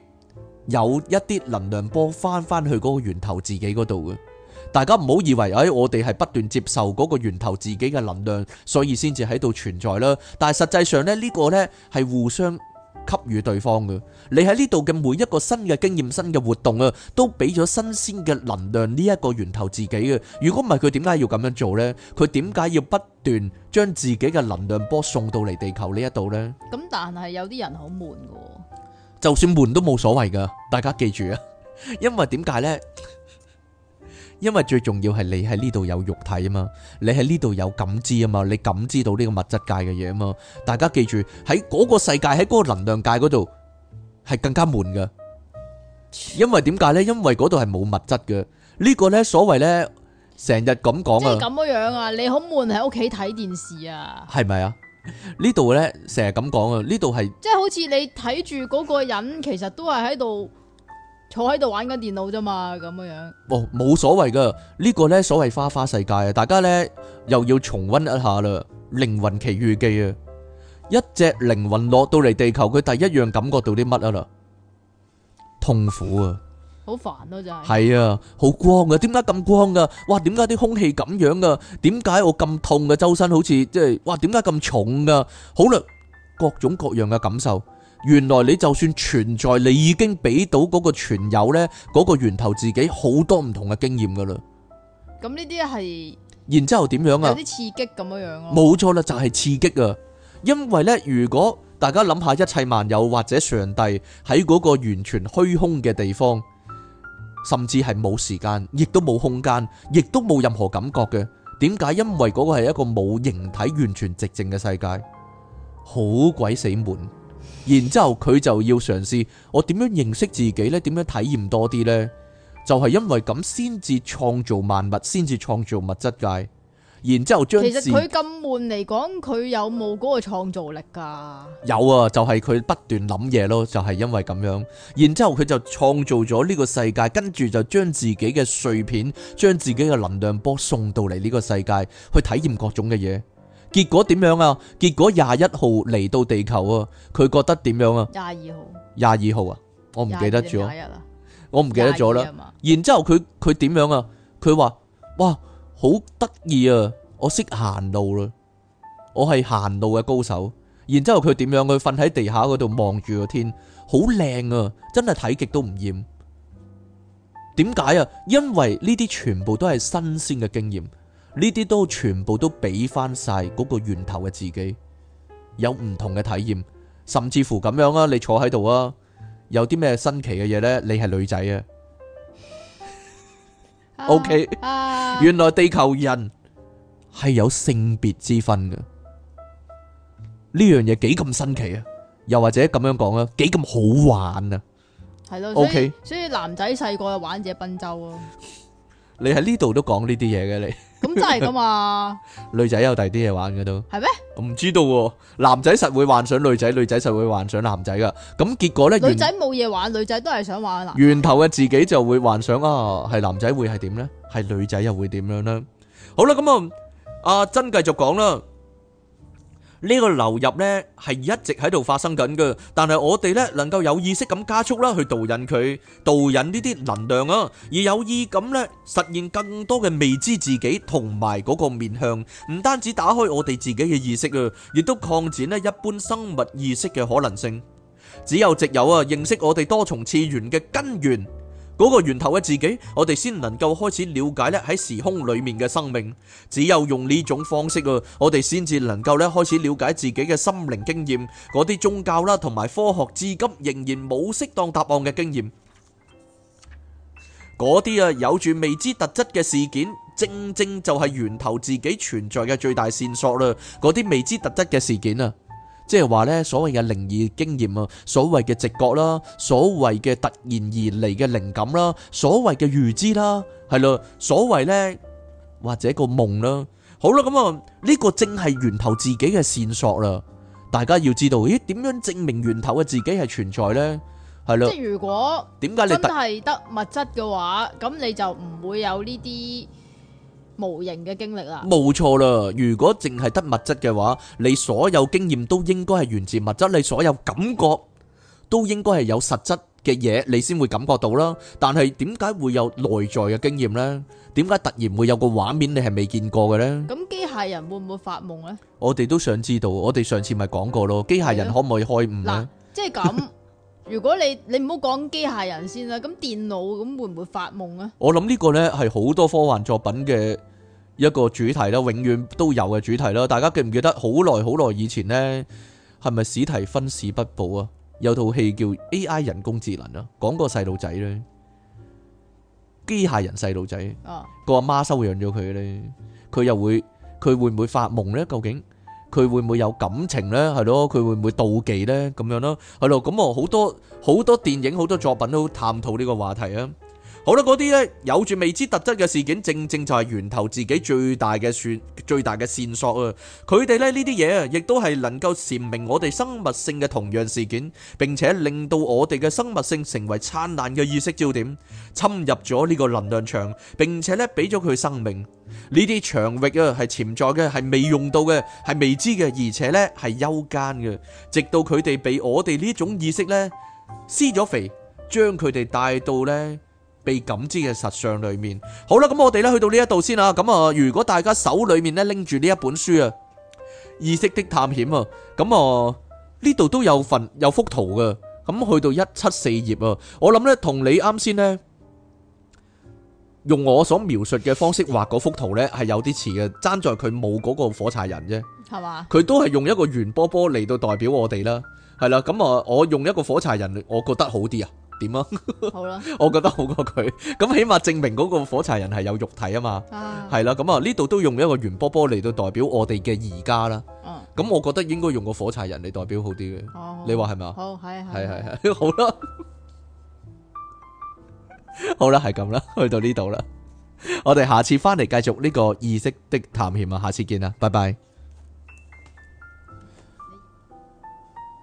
有一啲能量波翻翻去嗰個源頭自己嗰度嘅。大家唔好以為，誒，我哋係不斷接受嗰個源頭自己嘅能量，所以先至喺度存在啦。但係實際上咧，呢個呢係互相給予對方嘅。你喺呢度嘅每一個新嘅經驗、新嘅活動啊，都俾咗新鮮嘅能量呢一個源頭自己嘅。如果唔係，佢點解要咁樣做呢？佢點解要不斷將自己嘅能量波送到嚟地球呢一度呢？咁但係有啲人好悶喎，就算悶都冇所謂㗎。大家記住啊，因為點解呢？因為最重要係你喺呢度有肉體啊嘛，你喺呢度有感知啊嘛，你感知到呢個物質界嘅嘢啊嘛。大家記住喺嗰個世界，喺嗰個能量界嗰度係更加悶噶，因為點解呢？因為嗰度係冇物質嘅。呢個呢所謂呢成日咁講啊，即係咁樣樣啊，你好悶喺屋企睇電視啊，係咪啊？呢度呢成日咁講啊，呢度係即係好似你睇住嗰個人，其實都係喺度。坐喺度玩緊電腦啫嘛，咁樣。哦，冇所謂噶，呢個呢所謂花花世界啊，大家呢又要重溫一下啦，《靈魂奇遇記》啊，一隻靈魂落到嚟地球，佢第一樣感覺到啲乜啊啦？痛苦啊！好煩咯，真係係啊，好光啊，點解咁光噶？哇，點解啲空氣咁樣噶？點解我咁痛噶？周身好似即係，哇，點解咁重噶？好啦，各種各樣嘅感受。原來你就算存在，你已經俾到嗰個存有呢，嗰、那個源頭自己好多唔同嘅經驗噶啦。咁呢啲係然之後點樣啊？有啲刺激咁樣樣、啊、冇錯啦，就係、是、刺激啊！因為呢，如果大家諗下一切萬有或者上帝喺嗰個完全虛空嘅地方，甚至係冇時間，亦都冇空間，亦都冇任何感覺嘅。點解？因為嗰個係一個冇形體、完全寂靜嘅世界，好鬼死悶。然之後佢就要嘗試，我點樣認識自己咧？點樣體驗多啲呢？就係因為咁先至創造萬物，先至創造物質界。然之後將其實佢咁悶嚟講，佢有冇嗰個創造力噶？有啊，就係佢不斷諗嘢咯，就係因為咁樣。然之後佢就創造咗呢個世界，跟住就將自己嘅碎片，將自己嘅能量波送到嚟呢個世界去體驗各種嘅嘢。結果點樣啊？結果廿一號嚟到地球啊，佢覺得點樣啊？廿二號。廿二號啊，我唔記得咗。我唔記得咗啦。然之後佢佢點樣啊？佢話哇好得意啊，我識行路啦，我係行路嘅高手。然之後佢點樣？佢瞓喺地下嗰度望住個天，好靚啊，真係睇極都唔厭。點解啊？因為呢啲全部都係新鮮嘅經驗。呢啲都全部都俾翻晒嗰個源頭嘅自己，有唔同嘅體驗，甚至乎咁樣啊，你坐喺度啊，有啲咩新奇嘅嘢呢？你係女仔啊？OK，原來地球人係有性別之分嘅，呢樣嘢幾咁新奇啊？又或者咁樣講啊？幾咁好玩啊？係咯，OK，所以男仔細個玩隻濱州啊。你喺呢度都講呢啲嘢嘅你。咁真係噶嘛？女仔有第二啲嘢玩嘅都係咩？唔知道喎。男仔實會幻想女仔，女仔實會幻想男仔噶。咁結果咧，女仔冇嘢玩，女仔都係想玩男。源頭嘅自己就會幻想啊，係男仔會係點咧？係女仔又會點樣咧？好啦，咁啊，阿珍繼續講啦。呢個流入呢係一直喺度發生緊噶，但係我哋呢能夠有意識咁加速啦，去導引佢，導引呢啲能量啊，而有意咁呢實現更多嘅未知自己同埋嗰個面向，唔單止打開我哋自己嘅意識啊，亦都擴展呢一般生物意識嘅可能性。只有藉由啊，認識我哋多重次元嘅根源。嗰個源頭嘅自己，我哋先能夠開始了解咧喺時空裏面嘅生命。只有用呢種方式啊，我哋先至能夠咧開始了解自己嘅心靈經驗。嗰啲宗教啦，同埋科學至今仍然冇適當答案嘅經驗。嗰啲，啊有住未知特質嘅事件，正正就係源頭自己存在嘅最大線索啦。嗰啲未知特質嘅事件啊。即係話呢，所謂嘅靈異經驗啊，所謂嘅直覺啦，所謂嘅突然而嚟嘅靈感啦，所謂嘅預知啦，係咯，所謂呢或者個夢啦，好啦，咁啊呢個正係源頭自己嘅線索啦，大家要知道，咦，點樣證明源頭嘅自己係存在呢？係咯，即係如果點解你真係得物質嘅話，咁你就唔會有呢啲。無形嘅經歷啦，冇錯啦。如果淨係得物質嘅話，你所有經驗都應該係源自物質，你所有感覺都應該係有實質嘅嘢，你先會感覺到啦。但係點解會有內在嘅經驗呢？點解突然會有個畫面你係未見過嘅呢？咁機械人會唔會發夢呢？我哋都想知道。我哋上次咪講過咯，機械人可唔可以開悟呢？即係咁。如果你你唔好講機械人先啦，咁電腦咁會唔會發夢啊？我諗呢個呢係好多科幻作品嘅一個主題啦，永遠都有嘅主題啦。大家記唔記得好耐好耐以前呢，係咪史提芬史匹堡啊？有套戲叫 A.I. 人工智能講啊，講個細路仔呢，機械人細路仔，個阿媽收養咗佢呢，佢又會佢會唔會發夢呢？究竟？佢會唔會有感情呢？係咯，佢會唔會妒忌呢？咁樣咯，係咯，咁我好多好多電影好多作品都探討呢個話題啊！好啦，嗰啲咧有住未知特質嘅事件，正正就係源頭自己最大嘅線，最大嘅線索啊。佢哋咧呢啲嘢啊，亦都係能夠闡明我哋生物性嘅同樣事件，並且令到我哋嘅生物性成為燦爛嘅意識焦點，侵入咗呢個能量場，並且咧俾咗佢生命。呢啲場域啊，係潛在嘅，係未用到嘅，係未知嘅，而且咧係幽間嘅，直到佢哋俾我哋呢種意識咧施咗肥，將佢哋帶到咧。被感知嘅實相裏面，好啦，咁我哋咧去到呢一度先啦。咁啊，如果大家手裏面咧拎住呢一本書啊，《意識的探險》啊，咁啊呢度都有份有幅圖嘅。咁去到一七四頁啊，我諗咧同你啱先咧用我所描述嘅方式畫嗰幅圖咧係有啲似嘅，爭在佢冇嗰個火柴人啫，係嘛吧？佢都係用一個圓波波嚟到代表我哋啦，係啦。咁啊，我用一個火柴人，我覺得好啲啊。點啊？怎 好啦吧，我覺得好過佢，咁起碼證明嗰個火柴人係有肉體啊嘛，係啦、啊，咁啊呢度都用一個圓波波嚟到代表我哋嘅而家啦，咁、啊、我覺得應該用個火柴人嚟代表好啲嘅，你話係咪啊？好係係係係好啦，是 好啦吧，係咁啦，去到呢度啦， 我哋下次翻嚟繼續呢個意識的探險啊，下次見啦，拜拜。